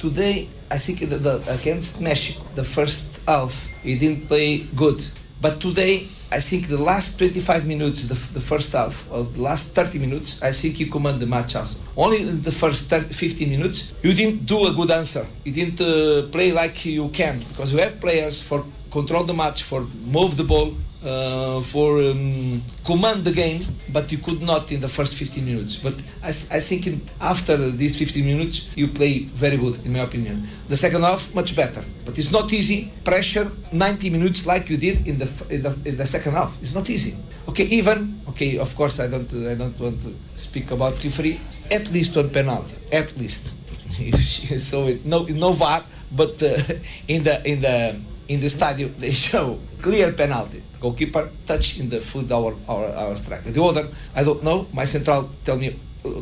Today, I think that the, against Mexico, the first half, he didn't play good. But today, I think the last 25 minutes, the, the first half, or the last 30 minutes, I think you command the match also. Only in the first 30, 15 minutes, you didn't do a good answer. You didn't uh, play like you can, because you have players for control the match, for move the ball, uh, for um, command the game, but you could not in the first 15 minutes. But I, I think in, after these 15 minutes, you play very good, in my opinion. The second half, much better. But it's not easy. Pressure 90 minutes like you did in the in the, in the second half. It's not easy. Okay, even okay. Of course, I don't I don't want to speak about referee. At least one penalty. At least. so it no no VAR, but uh, in the in the in the stadium they show clear penalty goalkeeper touch in the foot our our, our striker. The other, I don't know. My central tell me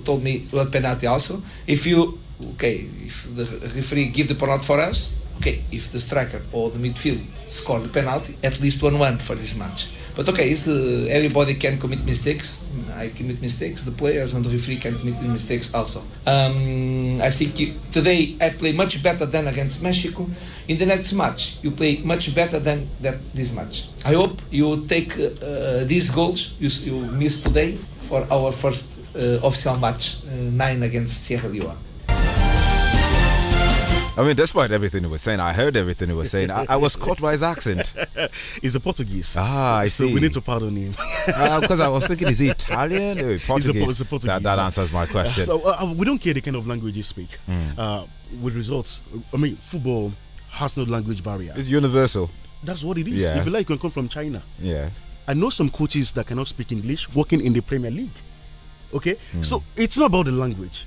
told me what penalty also. If you okay, if the referee give the penalty for us, okay. If the striker or the midfield score the penalty, at least one one for this match. But okay, it's, uh, everybody can commit mistakes. I commit mistakes. The players and the referee can commit mistakes also. Um, I think you, today I play much better than against Mexico. In the next match, you play much better than that this match. I hope you take uh, uh these goals you, you missed today for our first uh, official match, uh, nine against Sierra Leone. I mean, despite everything he was saying, I heard everything he was saying. I, I was caught by his accent. He's a Portuguese. Ah, I so see. we need to pardon him. Because ah, uh, I was thinking, is he Italian? Or Portuguese. He's a, Portuguese. That, that, answers my question. so uh, uh we don't care the kind of language you speak. Mm. Uh, with results, I mean, football has no language barrier. It's universal. That's what it is. Yeah. If you like, you can come from China. Yeah. I know some coaches that cannot speak English working in the Premier League. Okay? Mm. So it's not about the language.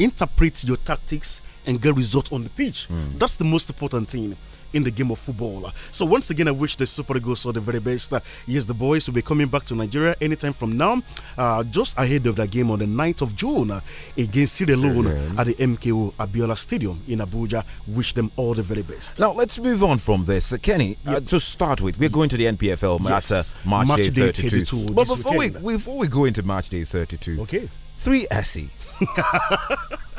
Interpret your tactics, and get results on the pitch. Mm. That's the most important thing in the game of football. So once again, I wish the Super Eagles all the very best. Yes, the boys will be coming back to Nigeria anytime from now, uh, just ahead of the game on the 9th of June uh, against Sierra Leone at the MKO Abiola Stadium in Abuja. Wish them all the very best. Now let's move on from this, uh, Kenny. Yep. to start with, we're going to the NPFL yes. March, March, Day, day 32. But before we before we go into March Day 32, okay, three SE.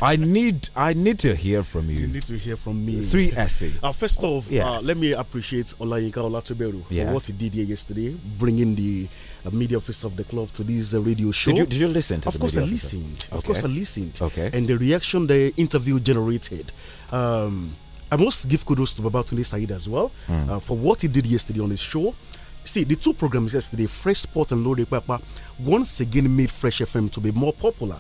I need I need to hear from you. You need to hear from me. Three essays. Uh, first off, uh, yes. uh, let me appreciate Olayinka Olatuberu yeah. for what he did here yesterday, bringing the uh, media office of the club to this uh, radio show. Did you, did you listen to Of course I officer? listened. Okay. Of course I listened. Okay. And the reaction the interview generated. Um, I must give kudos to Babatunde Said as well mm. uh, for what he did yesterday on his show. See, the two programs yesterday, Fresh Sport and Lodi Papa, once again made Fresh FM to be more popular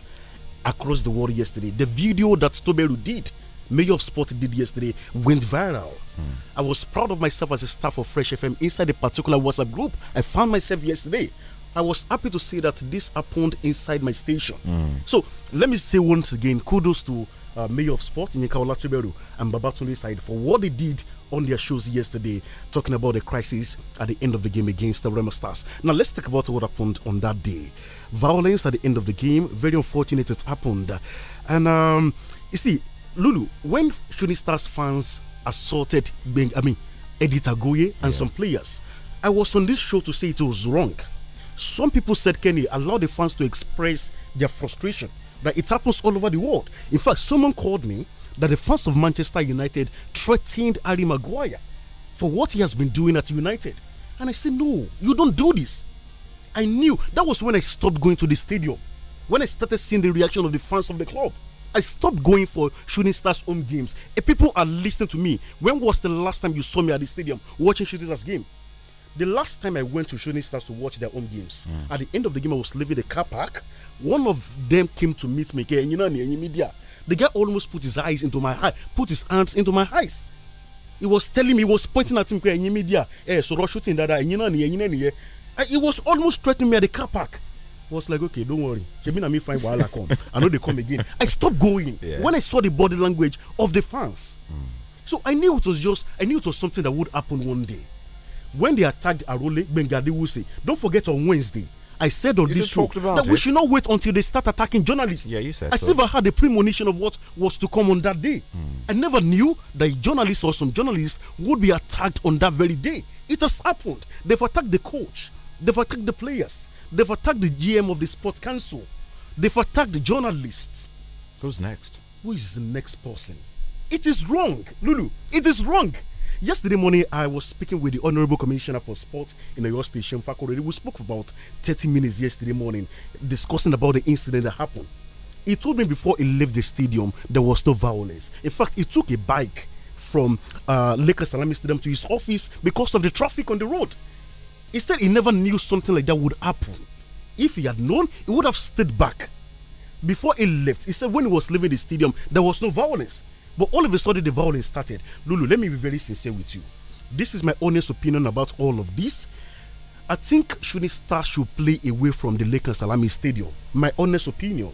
across the world yesterday. The video that Toberu did, Mayor of Sport did yesterday, went viral. Mm. I was proud of myself as a staff of Fresh FM inside a particular WhatsApp group. I found myself yesterday. I was happy to see that this happened inside my station. Mm. So let me say once again, kudos to uh, Mayor of Sport, Nika Toberu, and Babatunde side for what they did on their shows yesterday, talking about the crisis at the end of the game against the Remo Stars. Now let's talk about what happened on that day violence at the end of the game. Very unfortunate it happened. And um, you see, Lulu, when Shooting Stars fans assaulted being, I mean, Eddie Tagoye and yeah. some players, I was on this show to say it was wrong. Some people said, Kenny, allow the fans to express their frustration. That it happens all over the world. In fact, someone called me that the fans of Manchester United threatened Harry Maguire for what he has been doing at United. And I said, No, you don't do this. I knew that was when I stopped going to the stadium. When I started seeing the reaction of the fans of the club, I stopped going for Shooting Stars home games. If eh, people are listening to me. When was the last time you saw me at the stadium watching Shooting Stars game? The last time I went to Shooting Stars to watch their home games, mm. at the end of the game, I was leaving the car park. One of them came to meet me. You know, in the media, ah. the guy almost put his eyes into my eye, put his hands into my eyes he was telling me, he was pointing at him, the media, ah. eh, so shooting that, you know, and eh, he was almost threatening me at the car park. I was like, okay, don't worry. Shemin me find Wahala come. I know they come again. I stopped going yeah. when I saw the body language of the fans. Mm. So I knew it was just, I knew it was something that would happen one day. When they attacked Arole, Bengadi will say, don't forget on Wednesday, I said on you this show that it. we should not wait until they start attacking journalists. Yeah, you said I so. never had a premonition of what was to come on that day. Mm. I never knew that journalists or some journalists would be attacked on that very day. It has happened. They've attacked the coach. They've attacked the players. They've attacked the GM of the Sports Council. They've attacked the journalists. Who's next? Who is the next person? It is wrong, Lulu. It is wrong. Yesterday morning, I was speaking with the Honorable Commissioner for Sports in Oyo Station, Fakorede. We spoke for about 30 minutes yesterday morning, discussing about the incident that happened. He told me before he left the stadium, there was no violence. In fact, he took a bike from uh, Lakers Salami Stadium to his office because of the traffic on the road. He said he never knew something like that would happen. If he had known, he would have stayed back. Before he left, he said when he was leaving the stadium, there was no violence. But all of a sudden, the violence started. Lulu, let me be very sincere with you. This is my honest opinion about all of this. I think Shuni Star should play away from the Lake Salami Stadium. My honest opinion.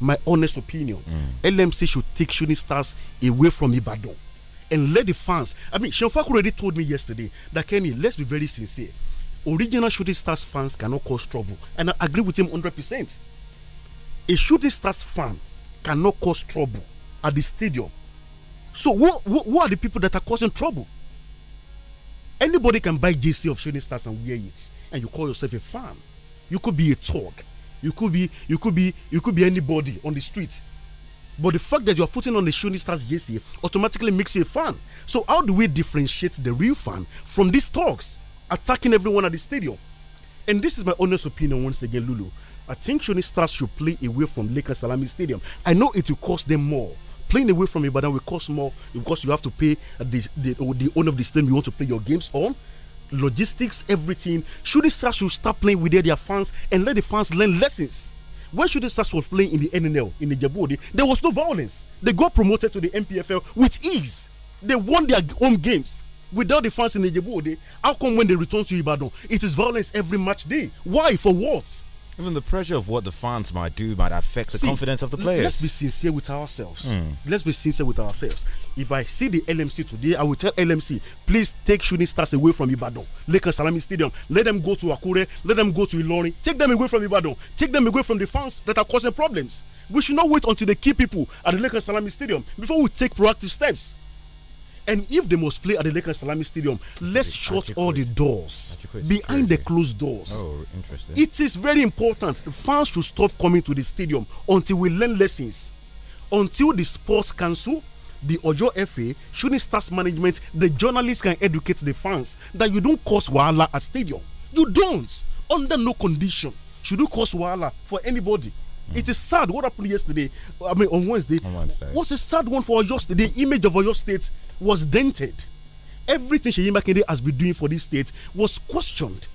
My honest opinion. Mm. LMC should take Shuni Stars away from Ibadan and let the fans. I mean, Sean already told me yesterday that Kenny, let's be very sincere. Original Shooting Stars fans cannot cause trouble, and I agree with him 100%. A Shooting Stars fan cannot cause trouble at the stadium. So, who, who, who are the people that are causing trouble? Anybody can buy JC of Shooting Stars and wear it, and you call yourself a fan. You could be a thug. You could be you could be you could be anybody on the street but the fact that you are putting on the shooting stars jersey automatically makes you a fan. So how do we differentiate the real fan from these talks attacking everyone at the stadium? And this is my honest opinion once again, Lulu. I think shooting stars should play away from Lakers Salami Stadium. I know it will cost them more playing away from but that will cost more because you have to pay the the, the owner of the stadium you want to play your games on. Logistics, everything. Shooting stars should start playing with their, their fans and let the fans learn lessons When should the Stars was playing in the NNL, in the Djibouti? There was no violence. They got promoted to the MPFL with ease. They won their home games without the fans in the Djibouti. How come when they return to Ibadan, it is violence every match day? Why? For what? Even the pressure of what the fans might do might affect the confidence of the players. Let's be sincere with ourselves. Mm. Let's be sincere with ourselves. If I see the LMC today, I will tell LMC, please take shooting stars away from Ibadan, Lake and Salami Stadium. Let them go to Akure. Let them go to Ilorin. Take them away from Ibadan. Take them away from the fans that are causing problems. We should not wait until the key people at the Lake and Salami Stadium before we take proactive steps. And if they must play at the Lakers Salami Stadium, let's shut all the doors behind the closed doors. Oh, interesting. It is very important. Fans should stop coming to the stadium until we learn lessons. Until the sports council, the Ojo FA, shooting stars management, the journalists can educate the fans that you don't cause wahala at stadium. You don't. Under no condition should you cause wahala for anybody. Mm. It is sad what happened yesterday. I mean, on Wednesday. On Wednesday. What's a sad one for Ojo? State? The image of Ojo State was dented. Everything Sheyi Makinde has been doing for this state was questioned.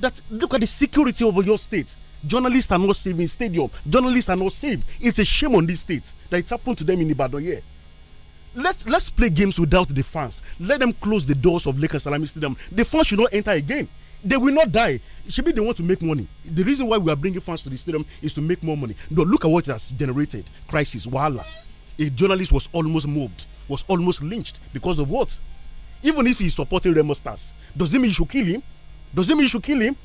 That look at the security over your state. Journalists are not safe in stadium. Journalists are not safe. It's a shame on this state that it happened to them in Ibadan Yeah let's let's play games without the fans. Let them close the doors of Lakers Salami Stadium. The fans should not enter again. They will not die. It should be they want to make money. The reason why we are bringing fans to the stadium is to make more money. No, look at what has generated crisis. Wala. A journalist was almost mobbed was almost lynched because of what? Even if he's supporting remonstrance, does it mean you should kill him? Does it mean you should kill him?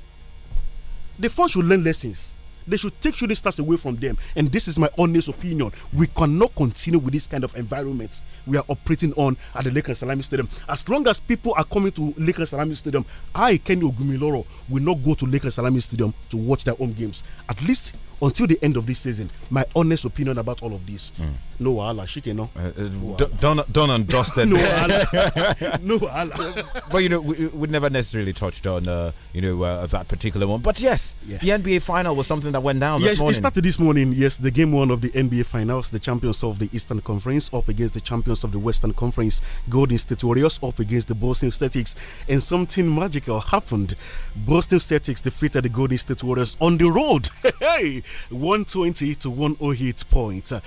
The fans should learn lessons. They should take shooting stars away from them. And this is my honest opinion. We cannot continue with this kind of environment we are operating on at the Lakers Salami Stadium. As long as people are coming to Lakers Salami Stadium, I, Kenny Ogumiloro, will not go to Lakers Salami Stadium to watch their home games. At least until the end of this season. My honest opinion about all of this. Mm. No wahala, shike no. Uh, uh, no done, done and dusted. no wahala. no wahala. But you know, we, we never necessarily touched on uh, you know uh, that particular one. But yes, yeah. the NBA final was something that went down. Yes, it started this morning. Yes, the game one of the NBA finals, the champions of the Eastern Conference up against the champions of the Western Conference, Golden State Warriors up against the Boston Celtics, and something magical happened. Boston Celtics defeated the Golden State Warriors on the road. hey 120 to 108 points. Uh,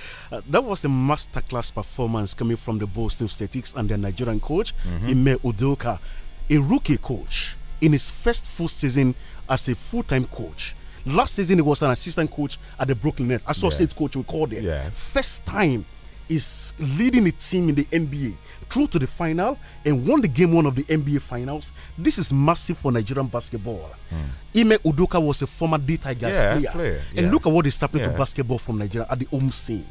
that was a masterclass performance coming from the Boston Celtics and their Nigerian coach, mm -hmm. Ime Udoka, a rookie coach in his first full season as a full time coach. Last season, he was an assistant coach at the Brooklyn Nets, associate yeah. coach, we called it. Yeah. First time is leading a team in the NBA through to the final and won the game one of the NBA finals. This is massive for Nigerian basketball. Mm. Ime Udoka was a former D Tigers yeah, player. player. And yeah. look at what is happening yeah. to basketball from Nigeria at the home scene.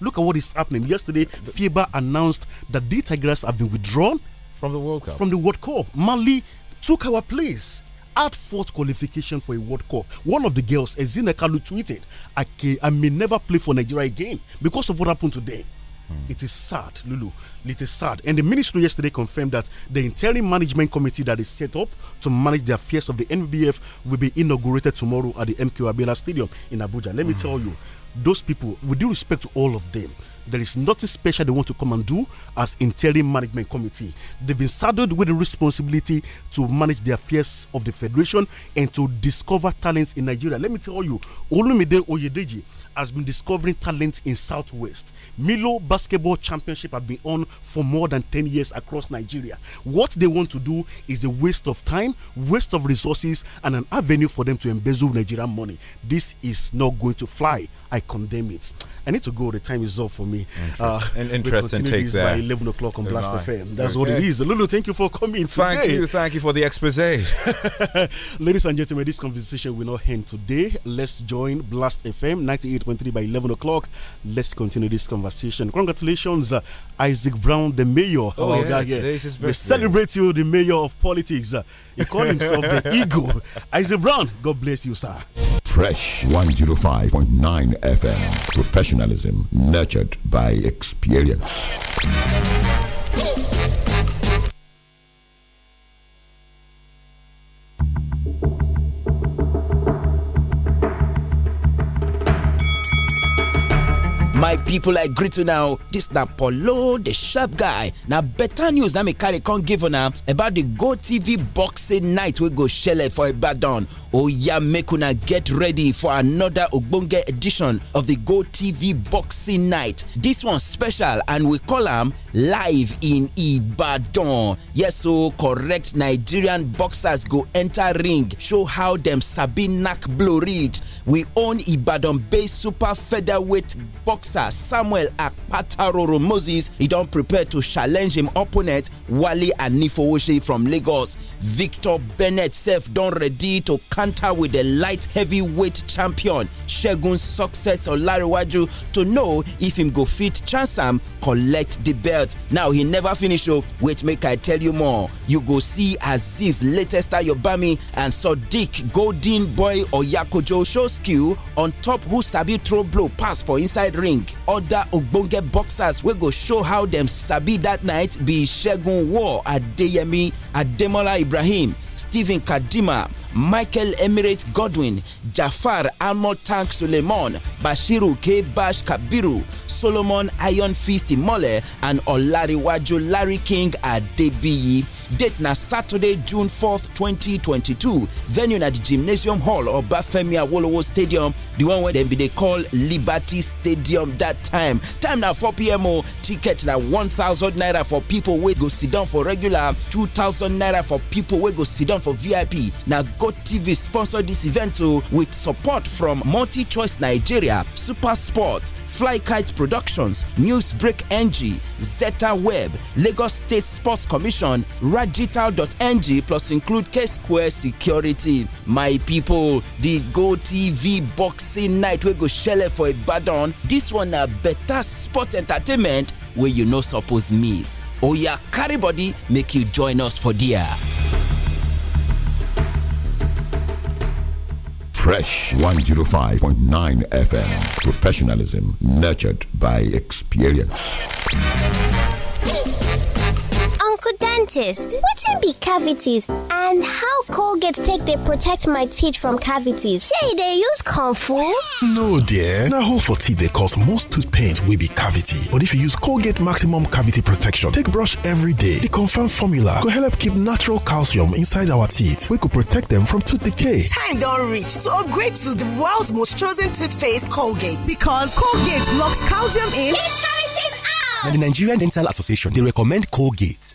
Look at what is happening. Yesterday, FIBA announced that D Tigers have been withdrawn from the World Cup. From the World Cup. Mali took our place at fourth qualification for a World Cup. One of the girls, Ezine Kalu, tweeted, I, can, I may never play for Nigeria again because of what happened today. It is sad, Lulu. It is sad. And the ministry yesterday confirmed that the interim management committee that is set up to manage the affairs of the NBF will be inaugurated tomorrow at the MQ Abela Stadium in Abuja. Let mm. me tell you, those people, with due respect to all of them, there is nothing special they want to come and do as interim management committee. They've been saddled with the responsibility to manage the affairs of the federation and to discover talents in Nigeria. Let me tell you, Olumide Oyedeji has been discovering talent in Southwest. Milo Basketball Championship have been on for more than 10 years across Nigeria. What they want to do is a waste of time, waste of resources, and an avenue for them to embezzle Nigerian money. This is not going to fly. I condemn it. I need to go. The time is up for me. Interesting. Uh, and interesting we take this by 11 o'clock on Blast FM. That's okay. what it is. Lulu, thank you for coming thank today. Thank you. Thank you for the expose. Ladies and gentlemen, this conversation will not end today. Let's join Blast FM 98.3 by 11 o'clock. Let's continue this conversation. Congratulations, uh, Isaac Brown, the mayor. Oh, oh yeah, guy, yeah. We celebrate you, the mayor of politics. Uh, he called himself the Eagle. Isaac Brown, God bless you, sir. Fresh 105.9 FM. Professionalism nurtured by experience. my people, i greet you now This na polo the sharp guy na better news na me carry come give una about the go tv boxing night wey go shele for ibadan Oh yeah, make get ready for another Ogbonge edition of the Go TV Boxing Night. This one's special and we call them live in Ibadan. Yes, so correct Nigerian boxers go enter ring, show how them sabi knack blow read. We own Ibadan-based super featherweight boxer Samuel Akpataroro Moses. He don't prepare to challenge him opponent Wale Anifowoshe from Lagos. Victor Bennett self don ready to counter with the light heavyweight champion Segun Success Olariwaju to know if him go fit chance am collect the belt. Now he never finish o, oh. wait make I tell you more. You go see Aziz, latest Ayobami and Sadiq Golden Boy Oyakojo show skill on top who sabi throw blow pass for inside ring. Other ogbonge boxers wey go show how dem sabi that night be Segun War Adeyemi ademola ibrahim stephen kadima michael emirate godwin jafar almotank suleiman bashiru k bash kabiru solomon iron fist imole and olariwaju larry king adebiyi date na saturday june 4th 2022 venue na the gymnasium hall of bafemi awolowo stadium The one wey dem bin dey call liberty stadium That time time na 4pm o ticket na 1000 naira for pipo wey go siddon for regular 2000 naira for pipo wey go siddon for vip na gotv sponsor dis event o oh, with support from multi choice nigeria super sports flykite productions newsbreak ng zeta web lagos state sports commission. radital.ng plus include K Square Security. My people, the Go TV boxing night we go shell for a one. This one a better sports entertainment where you no suppose miss. Oh yeah, carry body make you join us for dear. Fresh 105.9 FM. Professionalism nurtured by experience dentist. can be cavities and how Colgate take they protect my teeth from cavities? Shey they use use fu? No dear, na hole for teeth they cause most tooth pain will be cavity. But if you use Colgate maximum cavity protection take brush every day, the confirmed formula go help keep natural calcium inside our teeth We could protect them from tooth decay. Time don't reach to upgrade to the world's most chosen toothpaste Colgate because Colgate locks calcium in. Yes, the Nigerian Dental Association, they recommend Colgate.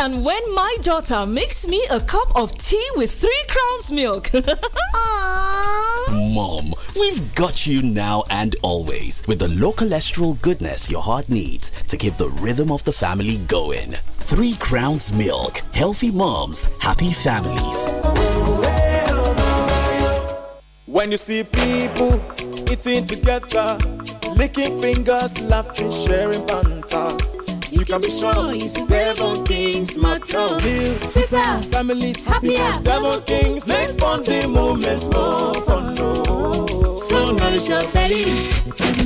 and when my daughter makes me a cup of tea with three crowns milk. Mom, we've got you now and always with the low cholesterol goodness your heart needs to keep the rhythm of the family going. Three crowns milk. Healthy moms, happy families. When you see people eating together, licking fingers, laughing, sharing banter. contribution. Devon Kings matter. Live Twitter families happier. Devon Kings next bonding moments more fun. Oh. So nourish your bellies.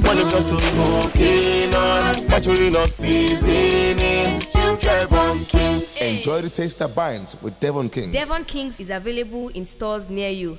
When it comes to smoking on, maturing or seasoning, choose Devon Kings. Enjoy the taste that binds with Devon Kings. Devon Kings is available in stores near you.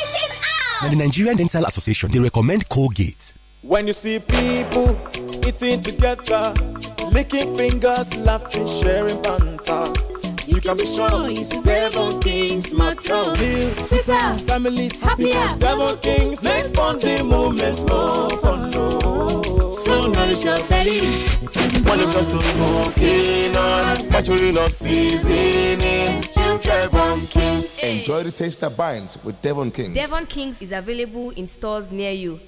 Now, the Nigerian Dental Association, they recommend Colgate. When you see people eating together, licking fingers, laughing, sharing banter, you, you can, can be sure it's Devon Kings matter. Live sweeter, families happier. Devon Kings makes bonding moments more fun. Oh, so nourish your bellies. When it comes smoking on, natural love seasoning. Devon Kings. Enjoy the taste that binds with Devon Kings. Devon Kings is available in stores near you.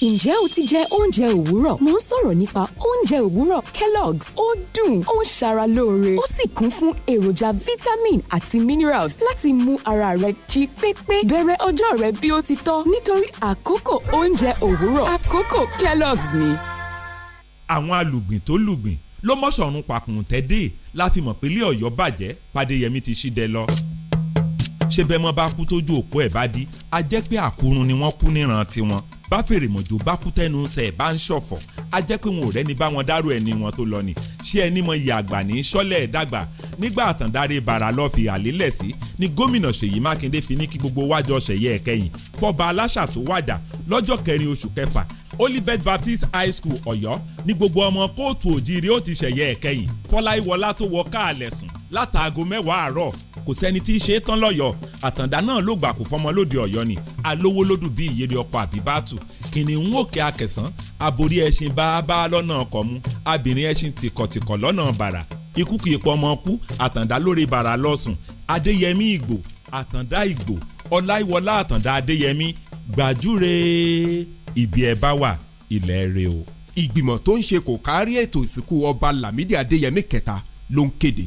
Ǹjẹ́ o ti jẹ oúnjẹ òwúrọ̀? Mo ń sọ̀rọ̀ nípa oúnjẹ òwúrọ̀ Kellogg's. Ó dùn, ó ń ṣara lóore, ó sì kún fún èròjà vitamin àti minerals láti mu ara rẹ jí pépé. Bẹ̀rẹ̀ ọjọ́ rẹ bí ó ti tọ́ nítorí àkókò oúnjẹ òwúrọ̀. Àkókò Kellogg's ni. Àwọn alùgbìn tó lùgbìn ló mọ̀ṣọ̀run pàkùntẹ́ dé la fi mọ̀ pé ilé ọ̀yọ́ bàjẹ́ Pàdéyẹmí ti ṣídẹ lọ. ṣé bẹ́ẹ̀ mọ́ bá kú tójú òpó ẹ̀ bá dí a jẹ́ pé àkúrun ni wọ́n kú níran tiwọn bá fèrè mọ̀jò bá kú tẹ́nu sẹ̀ bá ń ṣọ̀fọ̀ á jẹ́ pé wọn ò rẹ́ni bá wọn dárò ẹni wọn tó lọ ni ṣé ẹni mọ iye àgbà ní sọ́lẹ̀ ẹ̀dàgbà nígbà àtàndáre bàrà lọ́ọ́ fi àlélẹ̀ sí ni gómìnà Ṣèyí Mákindé fi ní kí gbogbo wájọ ṣẹ̀yẹ ẹ̀kẹyìn fọba aláṣà tó wájà lọ́jọ́ kẹrin oṣù kẹfà Olivet Baptist High School Ọ̀yọ́ ni gbogbo ọmọ kóòtù òjìrì ó ti ṣẹ̀yẹ ẹ̀kẹyìn Fọláìwọlá tó wọ káàlẹ̀ sùn látàgò mẹ́wàá àárọ̀ kò sẹ́ni tí í ṣe é tán lọ́yọ̀ọ́ àtàndá náà ló gbà kó fọmọ lóde ọ̀yọ́ ni alówó lódù bí ìyèrè ọkọ̀ àbíbátù kìnìún òkè akẹ̀sán aborí ẹṣin báábá lọ́nà ọkọ̀ mu abìnrin ẹṣin tìkọ̀tìkọ̀ lọ́nà bàrà ikú kì í pọ ọmọ kú àtàndá lórí bàrà lọ́sùn adéyẹmí ìgbò àtàndá ìgbò ọláìwọlá àtàndá adéyẹmí gbàjúre ibi ẹ bá wà ilẹ̀ rẹ o. ìgbìmọ̀ tó ń ṣe kò kárí ètò ìsìnkú ọba lámídì adéyẹmí kẹta ló ń kéde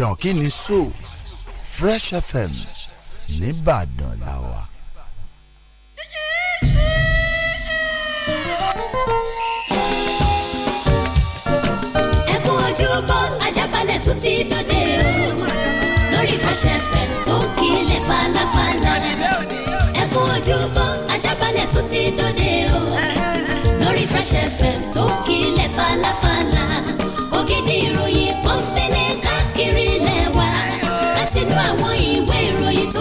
ìbàdàn kí ni so fresh fm nìbàdàn la wà. ẹkún ojúbọ ajábalẹ̀ tún ti dòde o lórí fresh fm tó kílẹ̀ falafala ẹkún ojúbọ ajábalẹ̀ tún ti dòde o lórí fresh fm tó kílẹ̀ falafala ògidì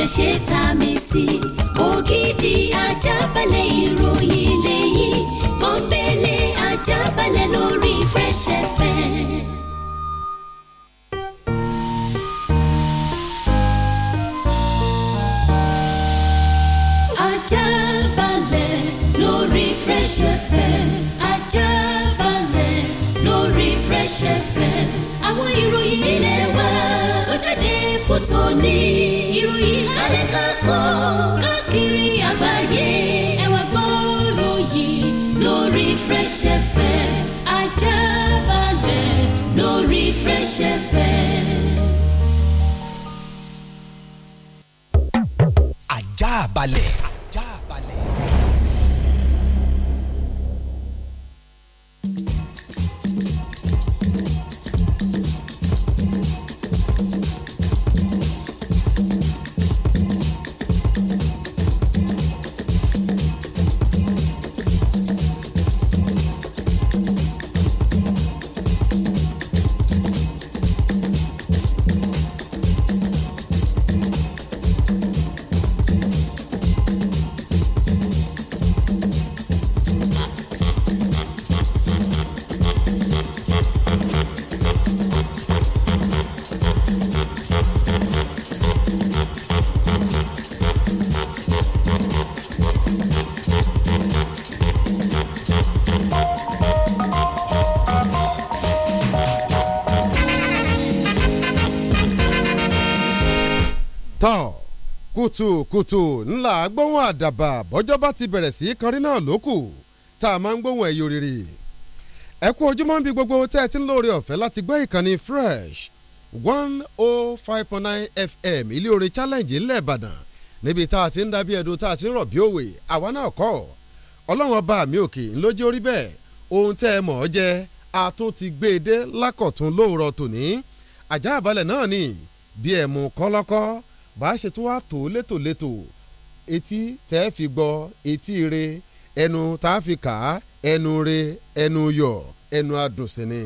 kódà ṣe tá a mi sí. ògidì ajábalẹ̀ ìròyìn lẹ́yìn pọ́npẹ́lẹ́ ajábalẹ̀ lórí Fresh FM. ¡Vale! kùtùkùtù ńlá gbóhùn àdàbà bọ́jọ́ bá ti bẹ̀rẹ̀ sí kanrí náà lókù tá a máa ń gbóhùn ẹ̀yọ́ rírì. ẹ kú ojúmọ́ ń bi gbogbo tẹ́ ẹ ti ń lóore ọ̀fẹ́ láti gbọ́ ìkànnì fresh one oh five point nine fm ilé orin challenge ńlẹ̀ ìbàdàn níbi tá a ti ń dábí ẹ̀dùn tá a ti ń rọ̀ bí òwe àwa náà kọ́ ọlọ́run ọba mi òkè ńlójú orí bẹ́ẹ̀ ohun tẹ́ ẹ mọ̀ ọ́ jẹ́ a tún ti gbé e dé lákọ̀tún lóòrọ̀ tòní àjá àbálẹ̀ náà ni bí ẹ̀ mú kọ́lọ́kọ́ bá a ṣe tún wá tó létòlétò etí tẹ́ fi gbọ́ etí re ẹnu tá a fi kà á ẹnu re ẹnu yọ̀ ẹnu adùn sí ni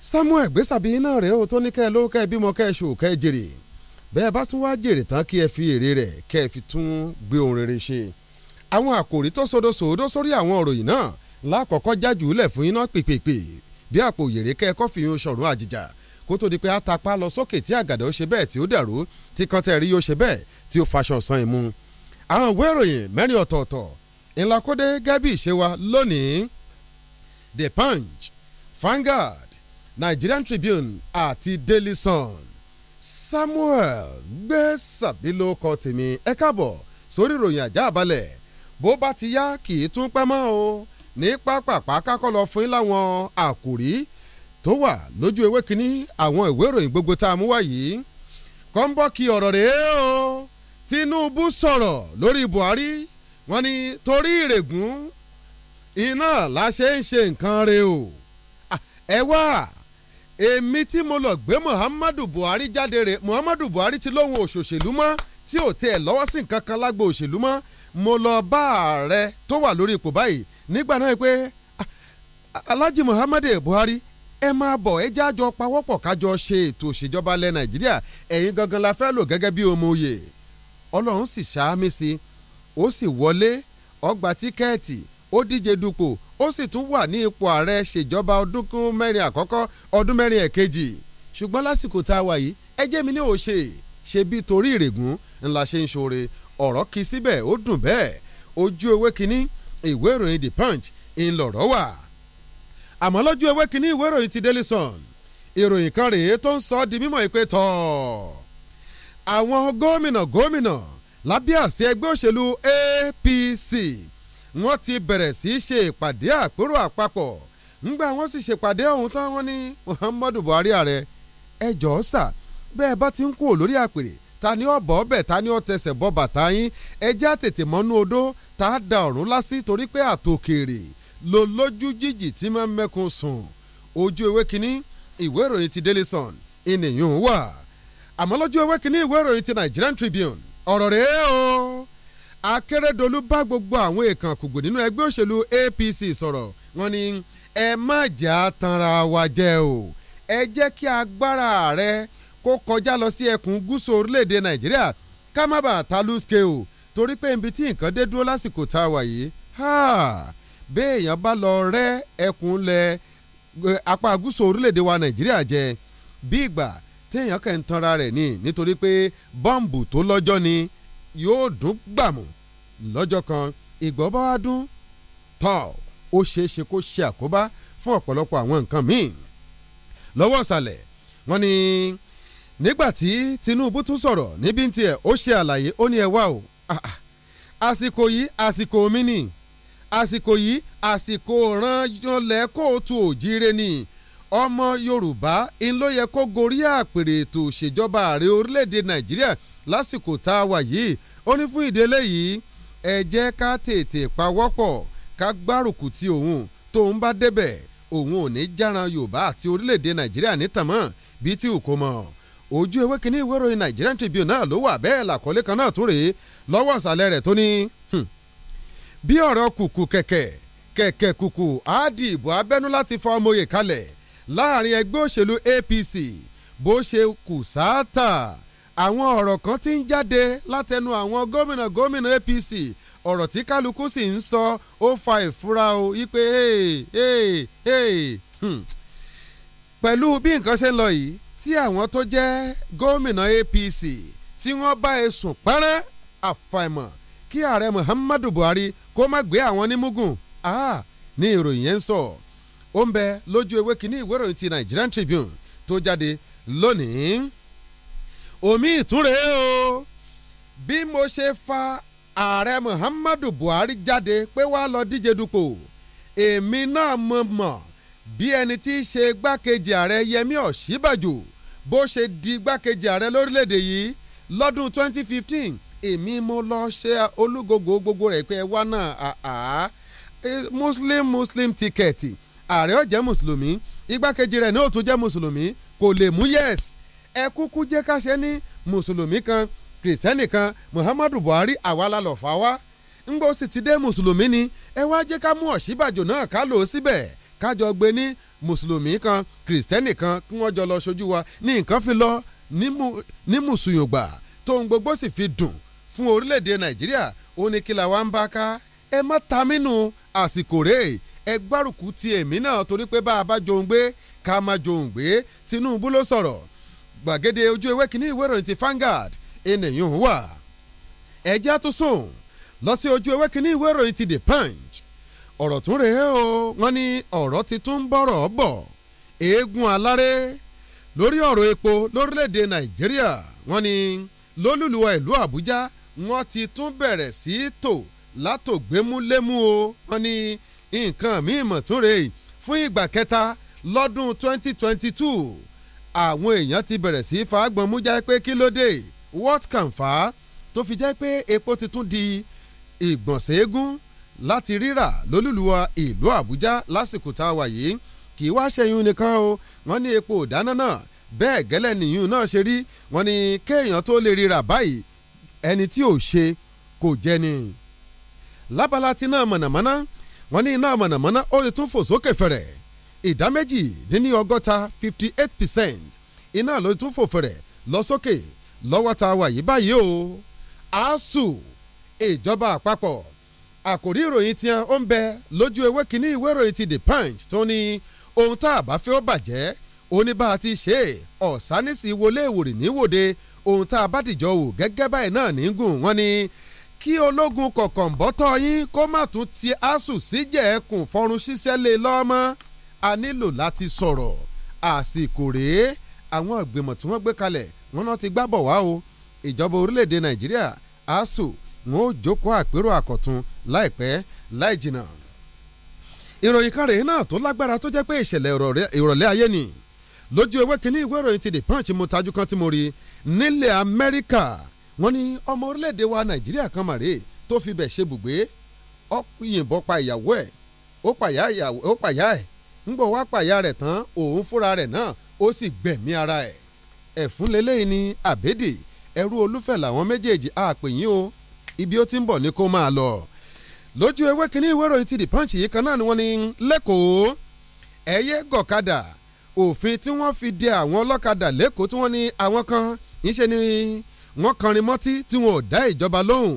Samuel gbèsàbí náà rèé o tó ní kẹ́ ẹ lówó kẹ́ ẹ bímọ kẹ́ ẹ ṣò kẹ́ ẹ jèrè bẹ́ẹ̀ bá tún wá jèrè tán kí ẹ fi èrè rẹ̀ kẹ́ ẹ fi tún gbé ohun rere ṣe àwọn àkòrí tó sodo sòódó sórí àwọn òròyìn náà lákọ̀ọ́kọ́ jájú lẹ̀ fún iná pèpèpè bí àpò yèrè kẹ́ ẹ kọ́ fi yun sọ̀rọ̀ àjìjà kó tó di pé atapá lọ sókè tí àgàdà ó ṣe bẹ́ẹ̀ tí ó dàrú tí kọ́tẹ́rì yóò ṣe bẹ́ẹ̀ tí ó faṣọ ọ̀sán ìmú. àwọn ìwé ìròyìn mẹ́rin ọ̀tọ̀ọ̀tọ̀ ńlá gẹ́bí ìṣe lónìí The Punch, Vanguard, Nigerian Tribune àti Daily Sun. Samuel gbé sàbí ló kọ tèmi ẹ káàbọ̀ sórí ìròyìn àjá àbálẹ̀ bó bá ti yá kì í tún pẹ́ mọ́ o ní pápápá kákọ́ lọ fún yín láwọn àkòrí tó wà lójú ewé kínní àwọn ìwé ìròyìn gbogbo tá a mú wá yìí kọ́ńbọ́ọ̀kì ọ̀rọ̀ rèé o Tinubu sọ̀rọ̀ lórí Buhari wọ́n ní torí ìrègùn iná láṣẹ ń ṣe nǹkan re o ẹ wá èmi tí mo lọ gbé Muhammadu Buhari jáde rè Muhammadu Buhari ti lóhun òṣòṣèlú mọ́ tí ò tiẹ̀ lọ́wọ́ sí nǹkan kan lágbo òṣèlú mọ́ mo lọ bá ààrẹ tó wà lórí ipò báyìí nígbà náà pé Alhaji Muhammadu Buhari ẹ máa bọ̀ ẹ jájọ pawọ́pọ̀ kájọ ṣe ètò òṣèjọba ilẹ̀ nàìjíríà ẹ̀yin gangan la fẹ́ lò gẹ́gẹ́ bí ọmọ òye ọlọ́run sì ṣáámi sí ó sì wọlé ó gba tíkẹ́ẹ̀tì ó díje dupò ó sì tún wà ní ipò ààrẹ ṣèjọba ọdún mẹ́rin àkọ́kọ́ ọdún mẹ́rin ẹ̀kejì ṣùgbọ́n lásìkò tá a wà yìí ẹ jẹ́ mi ní òṣè ṣe bí torí ìrègùn ńlá ṣe ń ṣoore ọ̀rọ̀ kí síbẹ̀ ó dùn bẹ́ẹ̀ ojú ewé kínní ìwé ìròyìn the punch ńlọrọ̀ wà àmọ́ lójú ewé kínní ìwé ìròyìn ti Daily Sun ìròyìn kan rèé tó ń sọ ọ́ di mímọ̀ ìpè tọ̀ àwọn gómìnà gómìnà lábẹ́ àsíá ẹgbẹ́ òṣèlú APC wọ́n ti bẹ̀rẹ̀ sí í ṣe ìpàdé àpérò àpapọ̀ ńgbà wọ́n sì ṣèpàdé ọ̀hún tán wọ́n ní Muhammadu Buhari ààrẹ ẹ jọ̀ọ́ sà bẹ́ẹ̀ bá ti ń kú lórí àpèrè ta ni ó bọ́ ọbẹ̀ ta ni ó tẹsẹ̀ bọ́ bàtà yín ẹjẹ́ àtètè mọ́nú odó tá da ọ̀run lásì torí pé àtòkèrè ló lójú jìjì tí máa ń mẹ́kun sùn ojú ewé kínní ìwé ìròyìn ti Daily Sun ènìyàn wà àmọ́ lójú ewé kínní ìwé ìròyìn ti Nigerian Tribune ọ̀rọ̀ rẹ̀ o Akérèdọ́lù bá gbogbo àwọn èèkàn kùgbò nínú ẹgbẹ́ òṣèlú APC sọ̀rọ̀ wọ́n ní ẹ má jà tanra wa jẹ o ẹ jẹ́ kí agbára rẹ kó kọjá lọ sí ẹkùn gúúsù orílẹ̀-èdè Nàìjíríà ká má bàa ta lùsùkè o torí pé ibi tí nǹkan dé dúró lásìkò tá a wà yìí béèyàn bá lọ rẹ́ ẹkùn lẹ apá gúúsù orílẹ̀-èdè wa nàìjíríà jẹ bí ìgbà téèyàn kẹ́ ń tanra rẹ̀ ni nítorí pé bọ́ǹbù tó lọ́jọ́ ni yóò dún gbàmù lọ́jọ́ kan ìgbọ́ bá wá dún tọ́ ó ṣeé ṣe kó ṣe àkóbá fún ọ̀pọ̀lọpọ̀ àwọn nǹkan míì lọ́wọ́ ọ̀sàlẹ̀ wọ́n ní nígbà tí Tinubu tún sọ̀rọ̀ níbi tiẹ̀ ó ṣe àlàyé ó ní ẹ wá o àsìkò yìí àsìkò mi nìyí àsìkò yìí àsìkò ràn yanlẹ̀ kóòtù òjíire ni ọmọ yorùbá ń ló yẹ kó gorí àpèrè ètò òṣèjọba ààrẹ orílẹ̀-èdè nàìjíríà lásìkò tá a wà yìí ó ní fún ìdílé yìí ẹ jẹ́ ká tètè pawọ́pọ̀ ká gbárùkù ti òun tóun bá débẹ̀ òun ò ní járan yorùbá àti orílẹ̀-èdè nàìjíríà nítàmọ́ bíi tí òkò mọ̀ ojú ewé kínní ìwé ìròyìn Nigerian Tribune náà ló wà bẹ́ẹ̀ làkọ́lé kan náà tún rèé lọ́wọ́ ìsàlẹ̀ rẹ̀ tó ní bí ọ̀rọ̀ kùkù kẹ̀kẹ́ kẹ̀kẹ́ kùkù áàdì ìbò abẹ́nú láti fa ọmọye kalẹ̀ láàrin ẹgbẹ́ òṣèlú APC bó ṣe kù sáátà àwọn ọ̀rọ̀ kan ti ń jáde látẹnu àwọn gómìnà gómìnà APC ọ̀rọ̀ tí kálukú sì ń sọ ó fa ìfura o wípé hmm. pẹ̀lú bí nǹkan ṣe ń lọ yìí tí àwọn tó jẹ́ gómìnà APC tí wọ́n bá e sùn pẹ́rẹ́ àfàìmọ̀ kí ààrẹ Muhammadu Buhari kó má gbé àwọn ní mugun ah, ní ìròyìn yẹn ń sọ ó ń bẹ lójú ewé kínní ìwé ìròyìn ti Nigerian Tribune tó jáde lónìí omi ìtúre o bí mo ṣe fa ààrẹ Muhammadu Buhari jáde pé wàá lọ díje dupò èmi náà mo mọ̀ bí ẹni tí í ṣe igbákejì ààrẹ Yẹmí Ọ̀ṣíbàjò bó ṣe di igbákejì ààrẹ lórílẹ̀‐èdè yìí lọ́dún 2015 èmi mo lọ ṣe olúgogo gbogbo rẹ̀ pé ẹ wá náà muslim muslim ticket ààrẹ ó jẹ́ mùsùlùmí igbákejì rẹ̀ ní ó tún mùsùlùmí kò lè mú yes ẹ kúkú jẹ́ ká ṣe ní mùsùlùmí kan kìrìsìtẹ́nì kan muhammadu buhari àwa la lọ́ọ́ fà wá ńgbó sì ti dé mùsùlùmí ni ẹ wá jẹ́ ká mú ọ̀ṣíbàjò náà ká lò ó síbẹ̀ kájọ gbé ní mùsùlùmí kan kìrìsìtẹ́nì kan kí wọ́n jọ lọ wa ní nǹkan fi lọ ní mùsùlùmí gbà tóun gbogbo sì fi dùn fún orílẹ̀-èdè nàìjíríà ó ní kí la wá ń bá ká ẹ má ta mí nù àsìkò rẹ̀ ẹ gbárùkù ti èmi náà torí pé bá a bá jòun gbé ká má jòun gbé Tinubu ló sọ̀rọ̀ gbàgede ojú ewé kínní ìwé ìròyìn ti Vanguard ènìyàn wà ẹjẹ́ àtúnṣùn lọ sí ojú ewé kínní ìwé ìròyìn ti The Punch ọ̀rọ̀ tún rèé o wọ́n ní ọ̀rọ̀ ti tún bọ̀rọ̀ bọ̀ eégún aláré lórí ọ̀rọ̀ epo lórílẹ̀‐èdè Nàìjíríà wọ́n ní lólùlùwà ìlú Àbújá wọ́n ti tún bẹ̀rẹ̀ sí í tò látògbémúlémú o wọ́n ní nǹkan míì mọ̀túnre fún ìgbà kẹta lọ́dún 2022 àwọn èèyàn ti bẹ̀rẹ̀ sí í fàágbọ̀n mú jẹ́ pé kí ló dé what can fa tó fi jẹ́ pé epo ti tún di ìgbọ̀nsẹ̀ eégún láti rírà lólùlùwà ìlú Àbújá lásìkò tá a wà yìí kì í wá ṣẹyún nìkan o wọ́n ní epo ìdáná náà bẹ́ẹ̀ gẹ́lẹ́ nìyún náà ṣe rí wọ́n ní kéèyàn tó lè rírà báyìí ẹni tí ò ṣe kò jẹ́ ni. lábala ti náà mọ̀nàmọ́ná wọ́n ní iná mọ̀nàmọ́ná ó ti tún fò sókè fẹ̀rẹ̀ ìdá méjì dín ọgọ́ta fifty eight percent iná ló tún fò fẹ̀rẹ̀ lọ sókè lọ́wọ́ ta wà yí báyìí o asuu ìjọba àpapọ̀ àkòrí ìròyìn tiẹ̀ ó ń bẹ lójú ewé kínní ìwé ìròyìn ti the punch tó ní ohun tá a bá fẹ́ ó bàjẹ́ oníbà ti ṣe ọ̀sánìsì wọlé ìwòrì níwòde ohun tá a bá dìjọ wò gẹ́gẹ́ báyìí náà ní gùn wọ́n ní kí ológun kọ̀ọ̀kan bọ́tọ̀ yín kó má tún ti asùn síjẹ̀ ẹkùn fọrun ṣiṣẹ́ lé lọ́mọ́ a nílò láti sọ̀rọ̀ àsìkò rèé àwọn ìgbìmọ̀ tí wọ́n gbé kalẹ̀ wọ́n náà ti gbábọ̀ wá o ìjọba orílẹ̀-èdè nàìjíríà asùn wọn ò jókòó àpérò àkọ́tún láìpẹ́ láì jìnnà ìròyìn kan rèé náà tó lágbára tó jẹ́ pé ìṣẹ̀lẹ̀ ìrọ̀lẹ́ ayé ni lójú ewé kínní ìwé ìròyìn ti The Punch mo tajú kan tí mo rí nílẹ̀ Amẹ́ríkà wọ́n ní ọmọ orílẹ̀-èdè wa Nàìjíríà kan màrè tó fi bẹ̀ ṣe bùgbé ó yìnbọn pa ìyàwó ẹ̀ ó pàyà ẹ̀ ńgbọ̀ wá pàyà rẹ̀ tán òun fúnra rẹ̀ náà ó sì gbẹ̀mí ara ẹ̀ ẹ̀fún lélẹ́yìn ni àbédè ẹrú olúfẹ̀ làwọn méjèèjì àpèyìn o ibi ó ti ń bọ̀ ni kó máa lọ lójú ewé kínní ìwé ìròyìn ti The Punch yìí kan náà ni wọ́n ní lẹ́kọ̀ọ́ ẹ̀yẹ́ gọ̀kadà òfin tí wọ́n fi de àwọn ọlọ́kadà lẹ́kọ̀ọ́ tí wọ́n ní àwọn kan ńṣe ni wọ́n kanrin mọ́tí tí wọn ò dá ìjọba lóhùn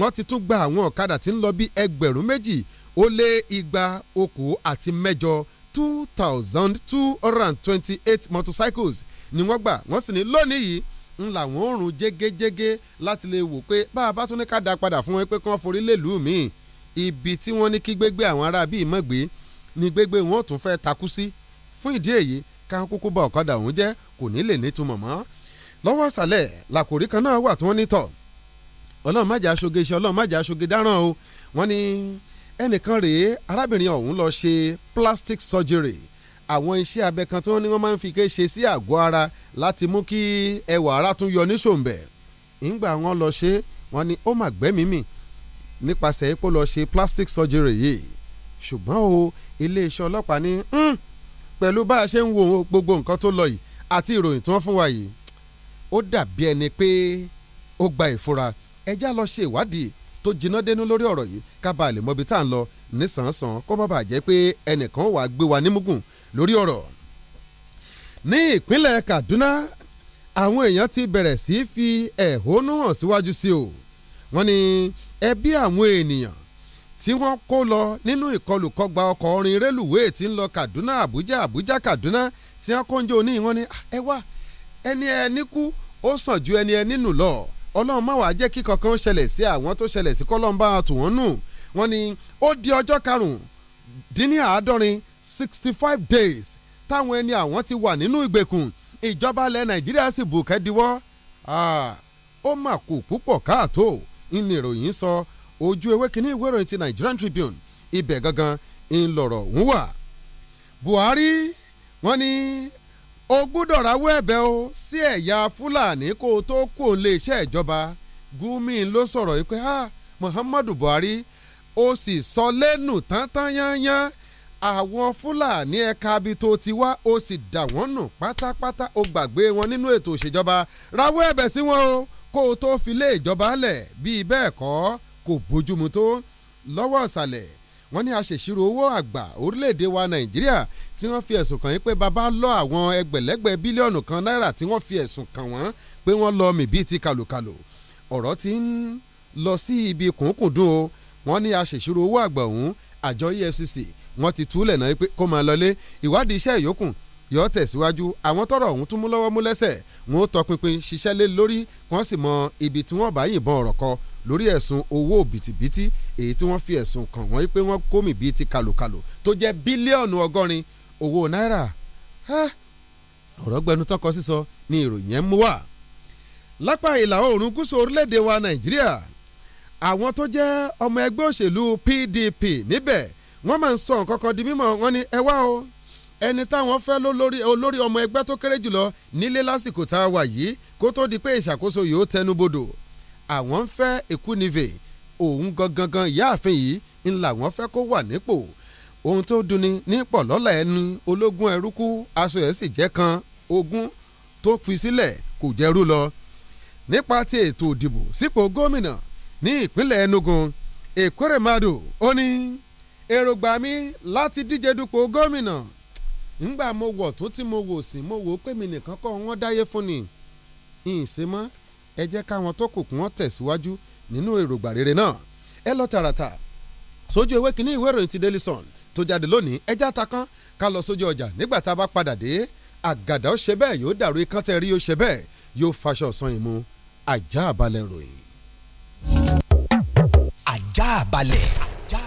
wọ́n ti tún gba àwọn ọ̀kadà tí ń lọ bí ẹgbẹ̀rún méjì ó lé igba okòó àti mẹ́jọ two thousand two hundred and twenty-eight motorcycles ni wọ́n gbà wọ́n sì ní lónìí yìí ń làwọn ò rùn jégéjégé láti lè wò pé bá a bá tún ní ká da padà fún wọn pé kí wọ́n forí lèlú mi ibi tí wọ́n ní kí gbégbé àwọn ará bíi mọ̀gbé ni gbégbé wọn ò tún fẹ́ takú sí fún ìdí èyí káwọn kúkú bá ọ̀kadà òun jẹ́ kò ní lè nítumọ̀ mọ́ lọ́wọ́ àṣàlẹ̀ làkòrí kan náà wà tí wọ́n ní tọ̀ ọlọ́run májà aṣoge iṣẹ́ ọlọ́run májà aṣoge dáràn o wọ́n ní ẹnìkan rèé arábìnrin ọ̀hún lọ ṣe plastic surgery àwọn iṣẹ́ abẹ kan tí wọ́n ní wọ́n máa ń fi ké ṣe sí àgọ́ ara láti mú kí ẹwà ara tún yọ ní ṣòǹbẹ̀ ńgbà wọn lọ ṣe wọ́n ní ó mà gbẹ́mí mì nípasẹ̀ epo lọ ṣe plastic surgery yìí ṣùgbọ́n o iléeṣẹ́ ọlọ́pàá ní hmm, pẹ̀lú bá a ṣe ń wo gbogbo nǹkan tó lọ yìí àti ìròyìn tí wọ́n fún wa yìí ó dàbí ẹni pé ó gba ìfura ẹjá lọ ṣe ìwádìí tó jiná dénú lórí ọ̀rọ̀ yìí ká lè mọ tá à ń lọ nísànsàn kó má bàa jẹ́ pé ẹnìkan wàá gbé wa nímúgùn lórí ọ̀rọ̀. ní ìpínlẹ̀ Kaduna àwọn èèyàn ti bẹ̀rẹ̀ sí í fi ẹ̀hónú hàn síwájú sí o wọ́n ní ẹbí àwọn ènìyàn tí wọ́n kó lọ nínú ìkọlù kọgba ọkọ̀ orin rélùwéè tí ń lọ Kaduna Abuja Abuja Kaduna tí wọ́n kó ń jó ní ìwọ́n ní ẹ wá ẹni ẹni kú ó sàn ju ẹni ẹni nù lọ ọlọ́run má wàá jẹ́ kí kankan ṣẹlẹ̀ sí àwọn tó ṣẹlẹ̀ sí kọ́lọ́mbà tù wọ́n nù wọ́n ní ó di ọjọ́ karùn-ún dín ní àádọ́rin sixty five days táwọn ẹni àwọn ti wà nínú ìgbèkùn ìjọba ilẹ̀ nàìjíríà sì bù kẹ́díwọ́ ah, ó mà kù púpọ̀ káàtó ní ìròyìn sọ ojú ewé kínní ìwé ìròyìn ti Nigerian Tribune ibẹ̀ gangan ń lọ̀rọ̀ ń wà Buhari wọ́n ní o gbúdọ̀ rawọ́ ẹ̀bẹ̀ o sí ẹ̀yà fúlàní kó o tó kó o lè ṣe ìjọba Gumi ló sọ̀rọ̀ yìí pé Muhammadu Buhari ó sì sọ lẹ́nu tántán yányán àwọn fúlàní ẹ̀ka abi tó ti wá ó sì dà wọ́n nù pátápátá ó gbàgbé wọn nínú ètò ìṣèjọba rawọ́ ẹ̀bẹ̀ sí wọn o kó o tó fi lé ìjọba lẹ̀ bíi bẹ́ẹ̀ kọ́ kò bójúmu tó lọ́wọ́ ọ̀sàlẹ̀ wọ́n ní aṣèṣirò owó àgbà orílẹ̀-èdè wa Nàìjíríà tí wọ́n fi ẹ̀sùn kàn yín pé bàbá lọ àwọn ẹgbẹ̀lẹ́gbẹ̀ bílíọ̀nù kan náírà tí wọ́n fi ẹ̀sùn kàn wọ́n pé wọ́n lọ mì bíi ti kàlòkàlò ọ̀rọ̀ ti ń lọ sí ibi kùnkùndùn o wọ́n ní aṣèṣirò owó àgbà ọ̀hún àjọ EFCC wọ́n ti túlẹ̀ náà pé kó máa lọlé ìwádìí iṣẹ́ ìyókù yọ tẹ̀síwájú àwọn tọ́rọ̀ ọ̀hún tún mú lọ́wọ́ mú lẹ́sẹ̀ wọn ó tọpinpin ṣiṣẹ́ lé lórí wọ́n sì mọ ibi tí wọ́n bá yìnbọn ọ̀rọ̀ kọ lórí ẹ̀sùn owó bìtìbìtì èyí tí wọ́n fi ẹ̀sùn kàn wọ́n pé wọ́n kómì bíi ti kàlòkàlò tó jẹ́ bílíọ̀nù ọgọ́rin owó náírà ọ̀rọ̀ gbẹnu tọkọ sísọ ni ìròyìn ẹ̀ mú wá. lápá ìlà oòrùn gúúsù orílẹ̀-èdè wa nàìjíríà àwọn tó jẹ́ ọmọ ẹgbẹ́ òṣèlú PDP níbẹ̀ wọ́n máa ń sọ nǹkan kan di mímọ̀ wọ́n ní ẹ wá o ẹni táwọn fẹ́ lólórí olórí ọmọ ẹgbẹ́ tó kéré jùlọ nílé lásìkò tá a wà yìí kó tó di pé ìṣàkóso yìí ó tẹnu bodò àwọn ń fẹ́ Ekwunife òun gangan ìyáàfin yìí ńlá wọn fẹ́ kó wà nípò ohun tó dunni ní pọ̀lọ́lá ẹni ológun ẹrúkú aṣọ ẹ̀ sì jẹ́ kan ogún tó fi sílẹ̀ kò jẹ́rú lọ nípa ti ètò ìdìbò sípò gómìnà ní ìpínlẹ̀ Enugu Ekweremadu ó ní èròǹgbà mi láti díje dupò gómìnà ńgbà mo wọ̀ tó tí mo wò sí mo wò ó pé mi nìkan kọ́ wọ́n dáyé fún ni ìsìnmọ́ ẹ jẹ́ káwọn tó kù kún wọn tẹ̀síwájú nínú èròǹgbà rere náà ẹ lọ tààràtà sójú ewé kínní ìwé ìròyìn ti Daily Sun tó jáde lónìí ẹja ta kán ká lọ sójú ọjà nígbà tá a bá padà dé àgàdá ó ṣe bẹ́ẹ̀ yóò dàrú ikán tẹ́ rí ó ṣe bẹ́ẹ̀ yóò faṣọ ọ̀sán yìí ajá balẹ̀ ròyìn. ajá balẹ̀. ajá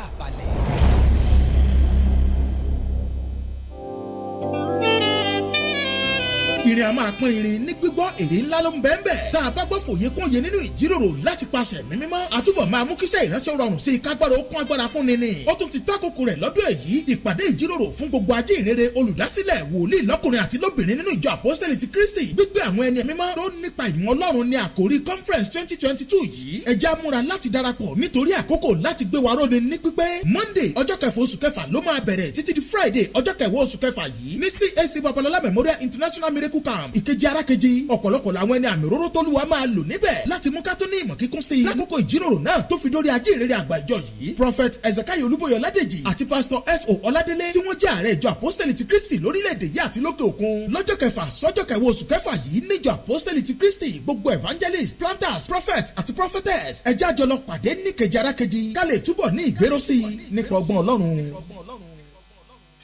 irin a máa pín irin ní gbígbọ́ èrè ńlá ló ń bẹ́ẹ̀ bẹ́ẹ̀ tá a bá gbọ́ fòye kún yé nínú ìjíròrò láti paṣẹ mi mímọ́ àtúbọ̀ máa mú kíṣẹ́ ìránṣẹ́ rọrùn sí i kágbára ó kún agbára fún ni ni ó tún ti tákòkò rẹ̀ lọ́dún èyí ìpàdé ìjíròrò fún gbogbo ajé ìrere olùdásílẹ̀ wòlíì lọ́kùnrin àti lóbìnrin nínú ìjọ àpọ́sítẹ́lì ti kristi gbígbé àwọn ẹni mímọ́ tó nípa ìmọ̀ ọlọ́run ní àkórí conference twenty twenty two yìí ẹ jẹ́ múra láti darapọ̀ nítorí àkókò láti gbé wa róni ní pípẹ́ monday ọjọ́ kẹfà oṣù kẹfà ló máa bẹ̀rẹ̀ títí di friday ọjọ́ kẹwàá oṣù kẹfà yìí ní cac babalọla memorial international miracle gospel camp ìkejì arákejì ọ̀pọ̀lọpọ̀ làwọn ẹni àmì òróró tólúwa máa lò níbẹ̀ láti mú ká tó ní ìmọ̀ kíkún sí i lákòókò ìjíròrò náà tó fi dórí ajínrere àgbà ìjọ yìí prophet ezekiel olúbọyọ ládèjì àti pastor s.o. ọládélé tí wọ́n jẹ́ ààrẹ ìjọ àpọ́sítẹ́lì ti kristi lórílẹ̀‐èdè yìí àti lókè òkun lọ́jọ́ kẹfà sọ́jọ́ kẹwọ́ oṣù kẹfà yìí níjọ àpọ́sítẹ́lì ti kristi gbogbo evangelist planters prophet àti prophetess ẹjẹ́ àjọlọ pàdé níkejì arákejì ká lè túbọ̀ ní ìgbéró sí i nípa ọgbọ́n ọlọ́run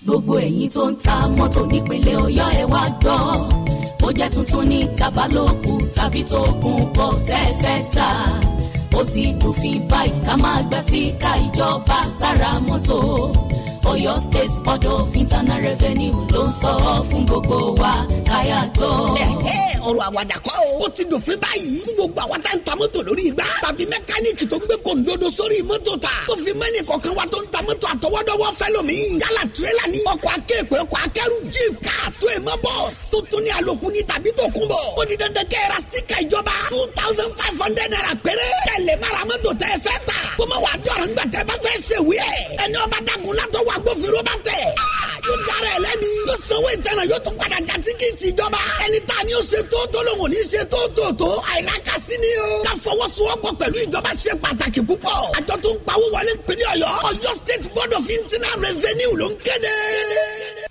gbogbo ẹ̀yin tó ń ta mọ́tò nípínlẹ̀ ọ̀yọ́ ẹ wá gbọ́ ó jẹ́ tuntun ní tabalóku tàbí tó kún kọ́ tẹ́ fẹ́ ta ó ti dòfin báyìí ká máa gbà síkà ìjọba sára mọ́tò Oyo State Board of Internal Revenue ló ń sọ ọ́ fún gbogbo wa káyà gbọ́. ọ̀rọ̀ àwàdà kọ́ o. ó ti dòfin báyìí fún gbogbo àwa tá ń ta mọ́tò lórí igbá tàbí mẹkáníìkì tó ń gbé kòǹdodo sórí mọ́tò ta tó fi mẹ́nì kọ̀ọ̀kan wa tó ń ta mọ́tò àtọwọ́dọ́wọ́ fẹ́ lómi. yálà tirẹ́là ni ọkọ̀ akẹ́kọ̀ọ́ ọkọ̀ akẹ́rù jíìp káà tó èèmọ́ bọ̀ tó tún ní àlòkù ní tàbí tó kún bọ̀. ó di dandan kẹ́ two thousand five hundred naira péré. kẹ́lẹ̀ mara mọ́tò tẹ́ ẹ fẹ́ ta. kó má wàá dọ̀rọ̀ ńgbà tẹ́ bá fẹ́ agbófinró bá tẹ̀. Ah, yóò dára ẹ lẹ́bi. yóò sanwó ìtẹ̀nà yóò tún padà já tíkẹ́ẹ̀tì ìjọba. ẹni tá a ní o ṣe tó tó lòun ò ní ṣe tó tó tó. àìlákàsí ni o. ká fọwọ́sowọ́pọ̀ pẹ̀lú ìjọba ṣe pàtàkì púpọ̀. àjọ tó ń pawó wọlé ń pè ní Ọ̀yọ́ Ọ̀yọ́ State Board of Internal Revenue ló ń kéde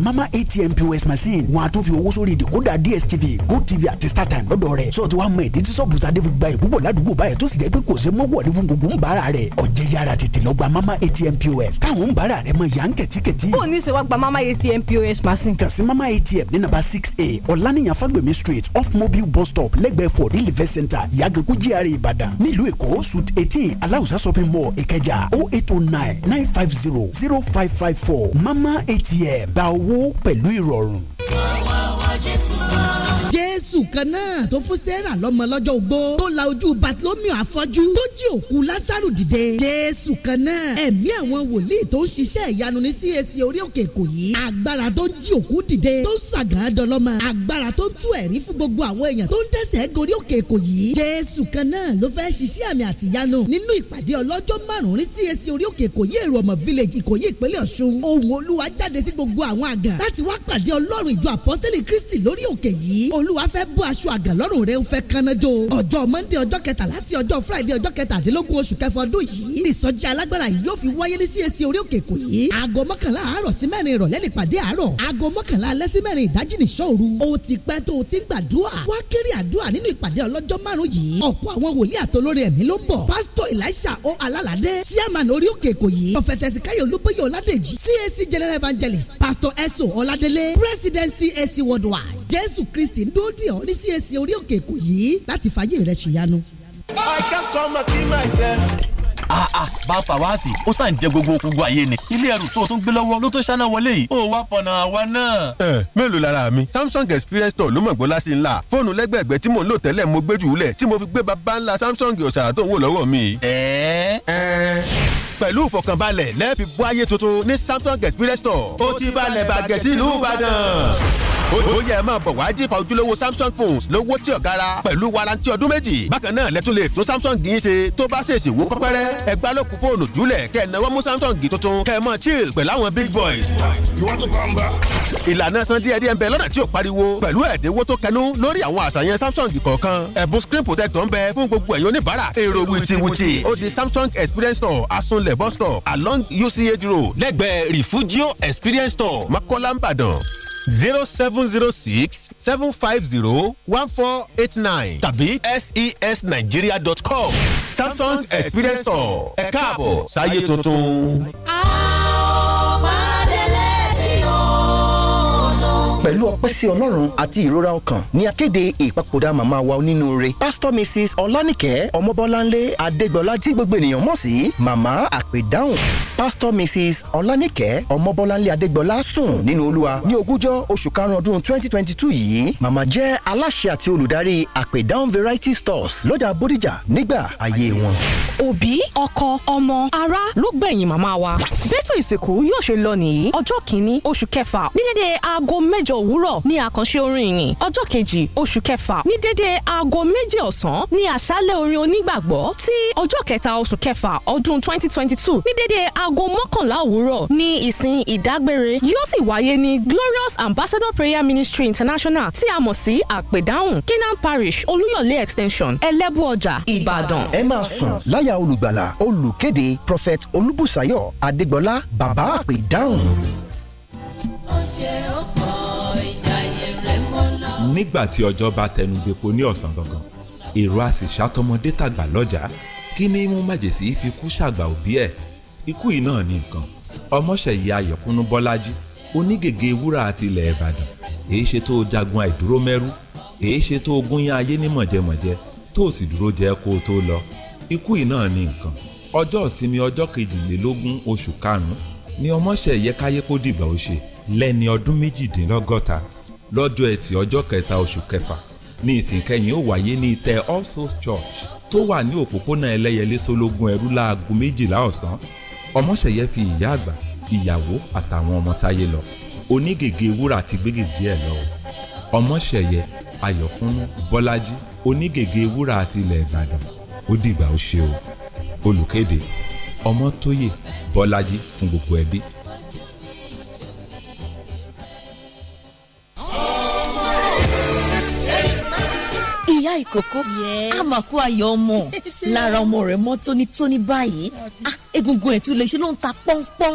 mama atm pos machine wọn a tún fi owó sórí ìdìkúdà dstv gotv àti startime lọ́dọ̀ rẹ̀ sọ ti wá mọ ìdí tí sọ́ọ̀bù sadé fi gba ìbúbọ̀ ládùúgbò báyìí tó sì jẹ́ pé kò ṣe mọ́wọ́ ní gbogbo ń bára rẹ̀ ọ̀jẹ̀ yára tètè lọ gba mama atm pos táwọn ń bára rẹ̀ mọ ìyá ń kẹ̀tíkẹ̀tí. ó ní ṣe wá gba mama atm pos machine. kàn sí mama atm ní nàbà six a ọ̀lànìyàn fagbemi street off mobile bus stop lẹ́gbẹ̀ẹ́ for real event center ìyàgànkú gr ìbàdàn nílùú èkó suit eighteen aláùsá shopping mall ìkẹjà o oh eight o oh nine nine five zero zero five five four mama atm gba owó owó pẹ̀lú ìrọ̀rùn jésù kan náà tó fún sarah lọ́mọ lọ́jọ́ ogbó tó la ojú bartolomeo afọ́jú tó jí òkú lásàrò dìde jésù kan náà ẹ̀mí àwọn wòlíì tó ń ṣiṣẹ́ ìyanu ní CAC orí òkè èkó yìí agbára tó ń jí òkú dìde tó ń sàgán dọlọ́mọ agbára tó ń tú ẹ̀rí fún gbogbo àwọn èèyàn tó ń tẹ̀sẹ̀ gorí òkè èkó yìí jésù kan náà ló fẹ́ ṣiṣẹ́ àmì àtìyanu nínú ìpàdé ọlọ́jọ́ márùn-ún ní CAC orí village ìkòyí ìpínlẹ̀ ọ̀ṣun ohùn olúwa jáde sí gbogbo àwọn àgàn láti wá pàdé ìjọ àpọ́sítélì kristi lórí òkè yìí olúwa fẹ́ bọ́ aṣọ àgàlọ́rùn rẹ̀ ó fẹ́ kánájó ọjọ́ monday ọjọ́ kẹtàlá sí ọjọ́ friday ọjọ́ kẹtàdínlógún oṣù kẹfọ ọdún yìí ìsọjí alágbára yìí yóò fi wáyé ní CAC orí òkè èkó yìí aago mọ́kànlá àárọ̀ sí mẹ́rin ìrọ̀lẹ́ nípàdé àárọ̀ aago mọ́kànlá alẹ́ sí mẹ́rin ìdájí nìṣọ́ òru o ti pẹ́ tó o ti ń gbàdúrà wá kéré àdúrà nínú ìpàdé ọlọ́jọ́ márùn yìí ọ̀pọ̀ àwọn wòlíì àtolórí ẹ̀mí ló ń bọ̀ pásítọ̀ elisha o alalade chairman orí òkè èkó yìí ọ̀fẹ̀tẹ̀síkáyọ̀ olúbóyè ọládèjì CAC general evangelist pásítọ̀ ẹ̀sọ́ ọládélé president Resident CAC worldwide Jésù Kristi ń dúró dì ní CAC orí òkè èkó yìí láti fàyè rẹ̀ ṣìyanu. I can come and kill myself ah, ah, bá fàwáàsì ó sàn jẹ gbogbo gbogbo àyè ni ilé ẹrù tó tún gbé lọ́wọ́ ló tún ṣáná wọlé yìí ó wá fọ̀nà àwa náà. ẹ mélòó lára mi Samsung experience store ló mọ̀ gbọ́ lásì ńlá fóònù lẹ́gbẹ̀ẹ́gbẹ́ tí mò ń lò tẹ́lẹ̀ mo gbé jù ú lẹ̀ tí mo fi gbé bàbá ńlá Samsung ọ̀sàrà tó ń wò lọ́wọ́ mi. ẹ ẹ pẹ̀lú ìfọ̀kànbalẹ̀ lẹ́ẹ̀fi bọ́ ayé tuntun ní Samsung experience store ó ti balẹ̀ bàgẹ́ sílùú Ìbàdàn ó yẹ ẹ máa bọ̀ wá jífa ojúlówó samsung phones lówó tí ọ̀gára pẹ̀lú warranty ọdún méjì bákan náà lẹ́tún lè tún samsung yín ṣe tó bá ṣèṣì wó pẹ́pẹ́rẹ́ ẹ gbá lókun fóònù jùlẹ̀ kẹ́ ẹ náwó mú samsung yìí tuntun kẹ́ ẹ mọ̀ chill pẹ̀lú àwọn big boys. ìlànà san díẹ̀ díẹ̀ ń bẹ lọ́nà tí ò pariwo pẹ̀lú ẹ̀dínwó tó kẹnu lórí àwọn àṣàyàn samsung kọ̀ọ̀kan ẹ̀bùn screen protector ń bẹ fún gbogbo ẹ̀yin oníbàárà èrò wìtìwìtì ó di samsung experience store asunlẹ̀ bus Store, along uch road lẹ́gbẹ̀ẹ́ refugio experience store mọ́kọ́lá ń zero seven zero six seven five zero one four eight nine tàbí sesnigeria dot com samsung experience store ẹ̀ka àbọ̀ sáyé tuntun pẹ̀lú ọpẹ́ sí ọlọ́run àti ìrora ọkàn ní akéde ìpapòdà màmá wa onínúure pásítọ̀ mrs ọlánìkẹ́ ọmọbọ́láńlé adégbọlá tí gbogbo ènìyàn mọ̀ sí màmá àpèdáhùn pásítọ̀ mrs ọlánìkẹ́ ọmọbọ́láńlé adégbọlá sùn nínú olúwa ní ogúnjọ́ oṣù karùn-ún ọdún twenty twenty two yìí màmá jẹ́ aláṣẹ àti olùdarí àpèdáhùn variety stores lọ́jà bódìjà nígbà ayé wọn. òbí ọkọ ọmọ ará ló gbẹ̀yìn màmá wa bẹ́tò ìsìnkú yóò ṣe lọ nìyí ọjọ́ kìíní oṣù kẹfà nídéédé aago mẹ́jọ òwúrọ̀ ní àkànṣe orin ìyìn ọjọ́ kejì oṣù kẹfà ní dédé aago méjì ọ̀sán ní àṣálẹ̀ orin onígbàgbọ́ tí ọjọ́ kẹta oṣù kẹfà ọdún 2022 ní dédé aago mọ́kànlá òwúrọ̀ ní ìsìn ìdágbére yóò sì wáyé ní Glorious Ambassador Prayer Ministry International tí a mọ̀ sí àpèdáhùn Kenan Parish Olúyọ̀lé Extension ẹlẹ́bù ọjà Ìbàdàn. ẹ máa sùn láyà olùgbàlà olùkéde Prophet Olúbùsáyọ̀ Adégbọlá bàbá àpèdáhùn. ó ṣe ó p nígbà tí ọjọ́ bá tẹnu gbèpo ní ọ̀sán gangan èrò àsì ṣàtọmọdé tàgbà lọ́jà kí ni mú májèsí fi kú ṣàgbà òbí ẹ̀ ikú yìí náà ní nǹkan ọmọṣẹ̀yí ayọ̀kúnnú bọ́lájí onígègé wúrà àti ilẹ̀ ìbàdàn èyí ṣe tó jagun àìdúró mẹ́rú èyí ṣe tó gúnyán ayé ní mọ̀jẹmọ̀jẹ tó sì dúró jẹ́ kó tó lọ ikú yìí náà ní nǹkan ọjọ́ ìsinmi ọjọ́ kejìlélógún oṣù karùn-ún ni ọmọṣẹ̀yẹ káyé kó dìgbà ó ṣe lẹ́ni ọdún méjìdínlọ́gọ́ta lọ́jọ́ ẹtì ọjọ́ kẹta oṣù kẹfà ní ìsìnkẹyìn ó wáyé ní ìtẹ́ All Souls Church tó wà ní òpópónà ẹlẹ́yẹlé sólógún ẹrú láago méjìlá ọ̀sán ọmọṣẹ̀yẹ fi ìyá àgbà ìyàwó àtàwọn ọmọ sáyé lọ onígègé wúrà ti gbégègé ẹ̀ lọ ọmọṣẹ̀yẹ ayọ̀kúnnú bọ́lájí onígègé wúrà àti ilẹ̀ ìbàdàn ó dìgbà ó ṣe o olùkéde ọmọtóyè bọ́lájí fún gbogbo ẹbí ìkókó á máa kó ayọ̀ ọmọ lára ọmọ rẹ̀ mọ́ tónítóní báyìí ah, egungun ẹ̀ tún lè ṣe ló ń ta pọ́npọ́n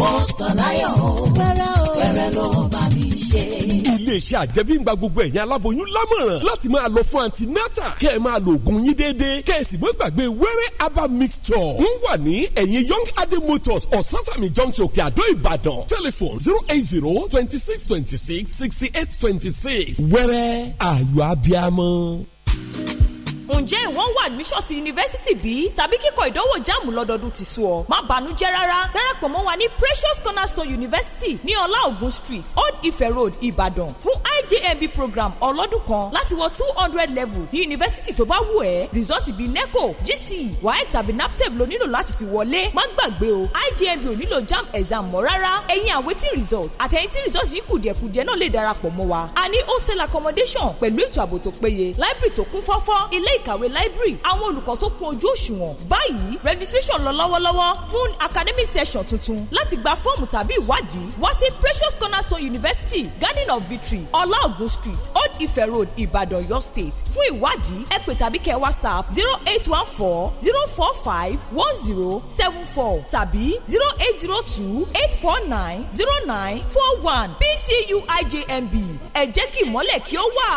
Bọ́sàláyọ̀ ó pẹ́rẹ́ ó pẹ́rẹ́ ló bá mi ṣe. Iléeṣẹ́ àjẹmíngba gbogbo ẹ̀yin aláboyún lámọ̀ràn láti máa lọ fún antinata kẹ́ ẹ máa lo oògùn yín déédéé kẹ́ ẹ sì mọ́ gbàgbé wẹ́rẹ́ aba mixture. Wọ́n wà ní ẹ̀yìn Young Adé Motors Ososami Junction Òkè Àdó Ìbàdàn. Telephone zero eight zero twenty six twenty six sixty eight twenty six. Wẹ́rẹ́ ayọ̀ abiamọ ǹjẹ́ ìwọ ń wá admission sí yunifásítì bí? tàbí kíkọ ìdánwò jáàmù lọ́dọọdún ti sú ọ? má bànújẹ́ rárá darapọ̀ mọ́ wa ní Precious Cornerstone University ní ọlá ògùn street Old Ife Road Ìbàdàn fún IJMB program ọlọ́dún kan láti wọ two hundred level ní yunifásítì tó bá wù ẹ́ result bíi NECO GCE WAEC tàbí NAPTEP ló nílò láti fi wọlé má gbàgbé o IJMB ò nílò JAMB exam mọ́ rárá ẹ̀yin àwetí result àtẹ̀yìn tí result yìí kùdìẹ̀kudiẹ náà lè darapọ̀ mọ́ wa a ní hostel accommodation pẹ̀lú ètò ààbò tó péye library tó kún fọ́fọ́ ilé ìkàwé library àwọn olùkọ́ tó kún ojú òṣùwọ̀n báyìí registration lọ lọ́wọ́lọ́wọ́ fún academic session tuntun láti gba fọ́ọ̀mù tàbí ìwádìí wá sí precious cornerstone university garden of victory ọláògùn street old ife road ìbàdàn your state fún ìwádìí ẹ pè tàbí kẹ whatsapp zero eight one four zero four five one zero seven four tàbí zero eight zero two eight four nine zero nine four one pcuijmb ẹ jẹ́ kí ìmọ́lẹ̀ kí ó wà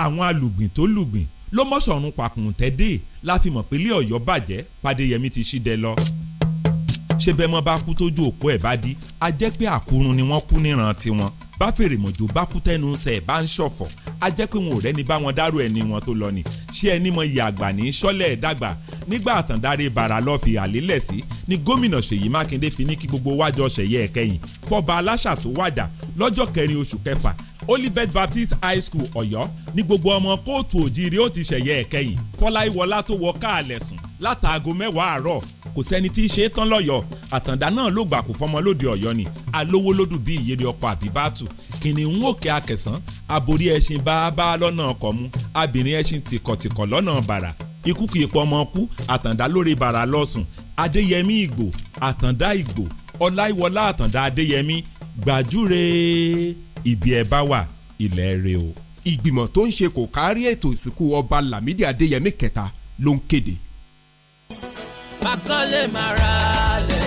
àwọn alùgbìn tó lùgbìn ló mọ́sọ̀rùn pàkùntẹ́ dé la fi mọ̀ pé ilé ọ̀yọ́ bàjẹ́ Pàdéyẹmí ti ṣídẹ lọ. ṣé bẹ́ẹ̀ mọ́ bá kú tójú òpó ẹ̀ bá di a jẹ́ pé àkúrun ni wọ́n kú níran tiwọn bá fèrè mọ̀jò bá kú tẹ́nu sẹ̀ bá ń ṣọ̀fọ̀ a jẹ́ pé wọn ò rẹ́ni bá wọn dárò ẹni wọn tó lọ ni ṣé ẹni mọ iye àgbà ní sọ́lẹ̀ dàgbà nígbà àtàndáre bàrà lọ́ọ́ fi àlélẹ̀ sí ni gómìnà Ṣèyí Mákindé fi ní kí gbogbo wájọ ṣẹ̀yẹ ẹ̀kẹyìn fọba aláṣà tó wàjà lọ́jọ́ kẹrin oṣù kẹfà Olivet Baptist High School Ọ̀yọ́ ní gbogbo ọmọ kóòtù òjìrì ó ti ṣẹ̀yẹ ẹ̀kẹyìn Fọláìwọlá tó wọ káàlẹ̀ sùn látàgò mẹ́wàá àárọ̀ kò sẹ́ni tí í ṣe é tán lọ́yọ̀ọ́ àtàndá náà ló gbà kó fọmọ lóde ọ̀yọ́ ni alówó lódù bí ìyèrè ọkọ̀ àbíbátù kìnìún òkè akẹ̀sán aborí ẹṣin báábá lọ́nà ọkọ̀ mu abìnrin ẹṣin tìkọ̀tìkọ̀ lọ́nà bàrà ikú kì í pọ̀ ọmọ kú àtàndá lórí bàrà lọ́sùn adéyẹmí ìgbò àtàndá ìgbò ọláìwọlá àtàndá adéyẹmí gbàjúre ibi ẹ bá wà ilẹ̀ rẹ o. ìgbìmọ̀ tó ń ṣe kò kárí ètò ìsìnkú ọba Lámídì Adéyẹmí kẹta ló ń kéde. bákan lè máa ra lẹ̀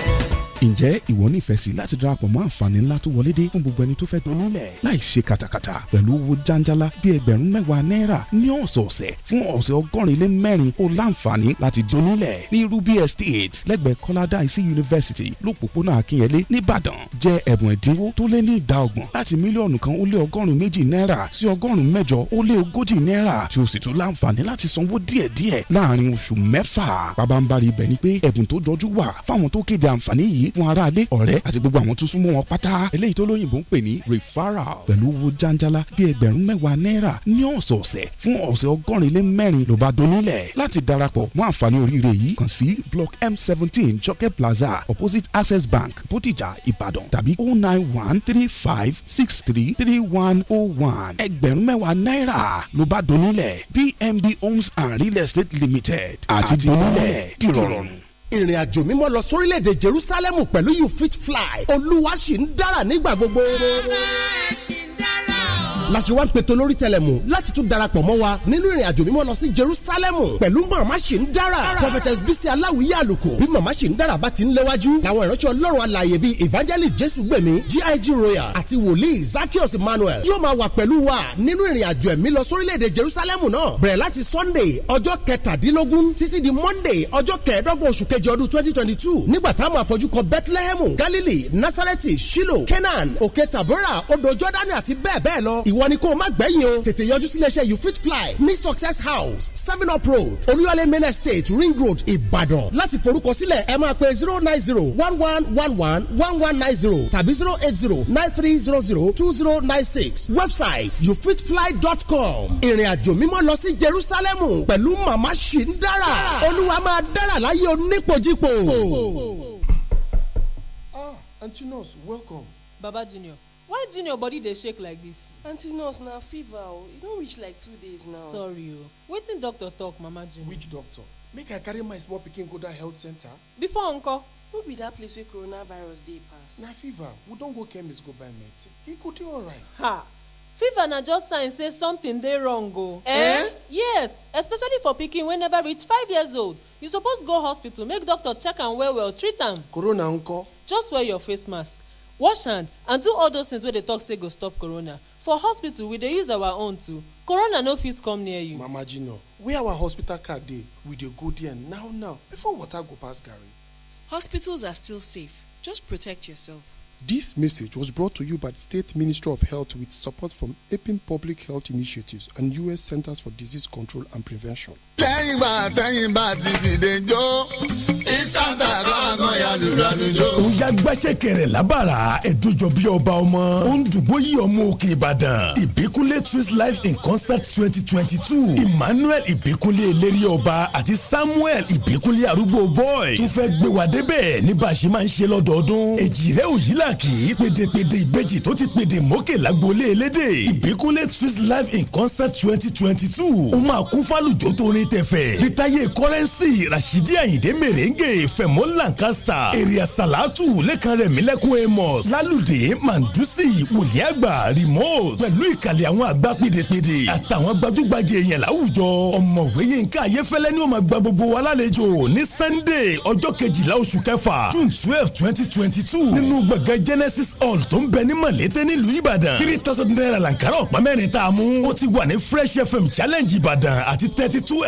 ǹjẹ́ ìwọ nífẹ̀ẹ́ sí láti darapọ̀ mọ́ àǹfààní ńlá tó wọlé dé fún gbogbo ẹni tó fẹ́ donílẹ̀ láì ṣe kàtàkàtà pẹ̀lú owó jàǹjàlá bíi ẹgbẹ̀rún mẹ́wàá náírà ní ọ̀sọ̀ọ̀sẹ̀ fún ọ̀sẹ̀ ọgọ́rin lé mẹ́rin ó láǹfààní láti donílẹ̀ ní Ruby Estate lẹ́gbẹ̀ẹ́ Kọ́ládá Ìsí University lópòpónà Akínyẹlé nìbàdàn jẹ́ ẹ̀bùn ẹ̀dínwó tó lé ní ìdá ọgbọ̀n láti mílíọ̀nù kan ó lé ọgọ́rùn-ún méjì náírà sí ọgọ́rùn-ún mẹ́jọ ó lé ogójì náírà tí o sì tún láǹfààní láti sanwó díẹ̀díẹ̀ láàrin oṣù mẹ́fà pàbámbarì ibẹ̀ ni pé ẹ̀bùn tó jọjú wà fáwọn tó kéde àǹfààní yìí fún aráalé ọ̀rẹ́ àti gbogbo àwọn tó súnmọ́ wọn pátá eléyìí tó lóyìnbó ń pè ní referral pẹ̀lú owó jáńjálá bíi ẹgbẹ̀rún mẹ́wàá náírà ní ọ̀sọ̀ọ̀sẹ̀ fún ọ̀sẹ̀ ọgọ́rin lé mẹ́rin ló bá donílẹ̀ láti darapọ̀ mọ́ àǹfààní oríire yìí kàn sí block m seventeen jọkẹ́ plaza opposite access bank bódìjà ìbàdàn tàbí O oh nine one three five six three three one O oh one ẹgbẹ̀rún mẹ́wàá náírà ló bá donílẹ̀ bnb homes and real estate limited àti donílẹ̀ dìrọ̀rùn ìrìn àjò mímọ́ lọ sórílẹ̀-èdè Jerusalem pẹ̀lú you fit fly olúwa sì ń dára nígbà gbogbo. olúwa sì ń dára la ṣe wá ń pètò lórí tẹlẹmù láti tún darapọ̀ mọ́ wa nínú ìrìn àjò mímọ́ lọ sí Jerusalem pẹ̀lú màmá ṣì ń dára prophetess bisi aláwìyé àlùkò bí màmá ṣì ń dára bá ti ń léwájú làwọn ìránṣẹ́ ọlọ́run alààyè bíi evangelist jésù gbèmí gig royal àti wòlíì zakios Manuel. yóò máa wà pẹ̀lú wa nínú ìrìn àjò ẹ̀mí lọ sórílẹ̀-èdè Jerusalem náà bẹ̀rẹ̀ láti Sunday ọjọ́ kẹtàdínlógún títí di Monday ọjọ́ kẹẹ̀ẹ́dọ́gbọ̀n oṣù kejì ọdún twenty twenty two nígbà táwọn àfọjúkọ Bethlehem Galilee Nazareth Shilo. Kenan. òkè tabora odò Jọ́dánì àti bẹ́ẹ̀ bẹ́ẹ̀ lọ ìwọ ìwọ ni kó o má gbẹ̀yìn o tètè yọjú sí iléeṣẹ́ you fit fly Miss success house seven up road olúyọlé main estate ring road ìbàdàn láti forúkọsílẹ̀ ẹ máa pe zero nine zero one one one one one one nine zero tàbí zero eight zero nine three zero zero two zero nine six website youfitfly.com ìrìn àjò mímọ́ lọ sí jerusalemu pẹ̀lú màmá ṣìndára olúwa máa dára láyé onípojípo. ah aunty nurse welcome. baba junior why junior body dey shake like this. Auntie nurse now fever o e don reach like two days now sorry o till doctor talk mama jimmy which doctor make i carry my small picking go dat health center before nko no be that place wey coronavirus dey pass na fever we don't go chemist go buy medicine He could dey alright ha fever na just sign say something dey wrong o eh? eh yes especially for pikin wey never reach five years old you suppose go hospital make doctor check am well well treat am corona nko just wear your face mask wash hand and do all those things wey dey talk say go stop corona for hospital we dey use our own too corona no fit come near you. mama junior where our hospital card dey we dey go there now now before water go pass garri. hospitals are still safe just protect yourself. This message was brought to you by the State Ministry of Health with support from APIN e Public Health Initiatives and U.S. Centers for Disease Control and Prevention. lẹ́yìn bá tẹ́yìn bá ti dìde bíi ọba ọmọ ó ń dùgbò yí ọmọ òkè Ìbàdàn Ìbíkúnlé twist life in concert twenty twenty two Emmanuel Ìbíkúnlé eléré ọba àti Samuel Ìbíkúnlé arúgbó boy tún fẹ́ gbé wa débẹ̀ ní bá máa ń ṣe lọ́dọọdún èjì rẹ̀ òyìnlá káàkiri pèdèpèdè ìbejì tó ti pèdè mókè lágboolé elédè ìbíkúlẹ̀ twist live in concert twenty twenty two ó máa kún fálùjọ tó rin tẹ̀fẹ̀ bítáyé kọ́rẹ́nsì rashidi ayinde mèrèǹgè fẹ̀mọ́ lancaster èrìà sàlátù lẹ́kan rẹ̀ mílẹ̀kùn amos lálùdé mandusi wòlíàgbà remote pẹ̀lú ìkàlẹ̀ àwọn àgbà pèdèpèdè àtàwọn gbajúgbajà èèyàn láwùjọ ọmọwé yínká ayéfẹ́lẹ́ ni ó máa gba gbogbo wa lálejò ní sunday ọjọ́ kejìlá oṣù kẹfà june twelve twenty twenty two nínú gbọ̀ngàn genesis hall tó ń bẹ ní malete nílùú ìbàdàn three thousand naira làǹkárọ̀ ọ̀pá mẹ́rin tá a mú ó ti wà ní fresh fm challenge ìbàdàn àti thirty two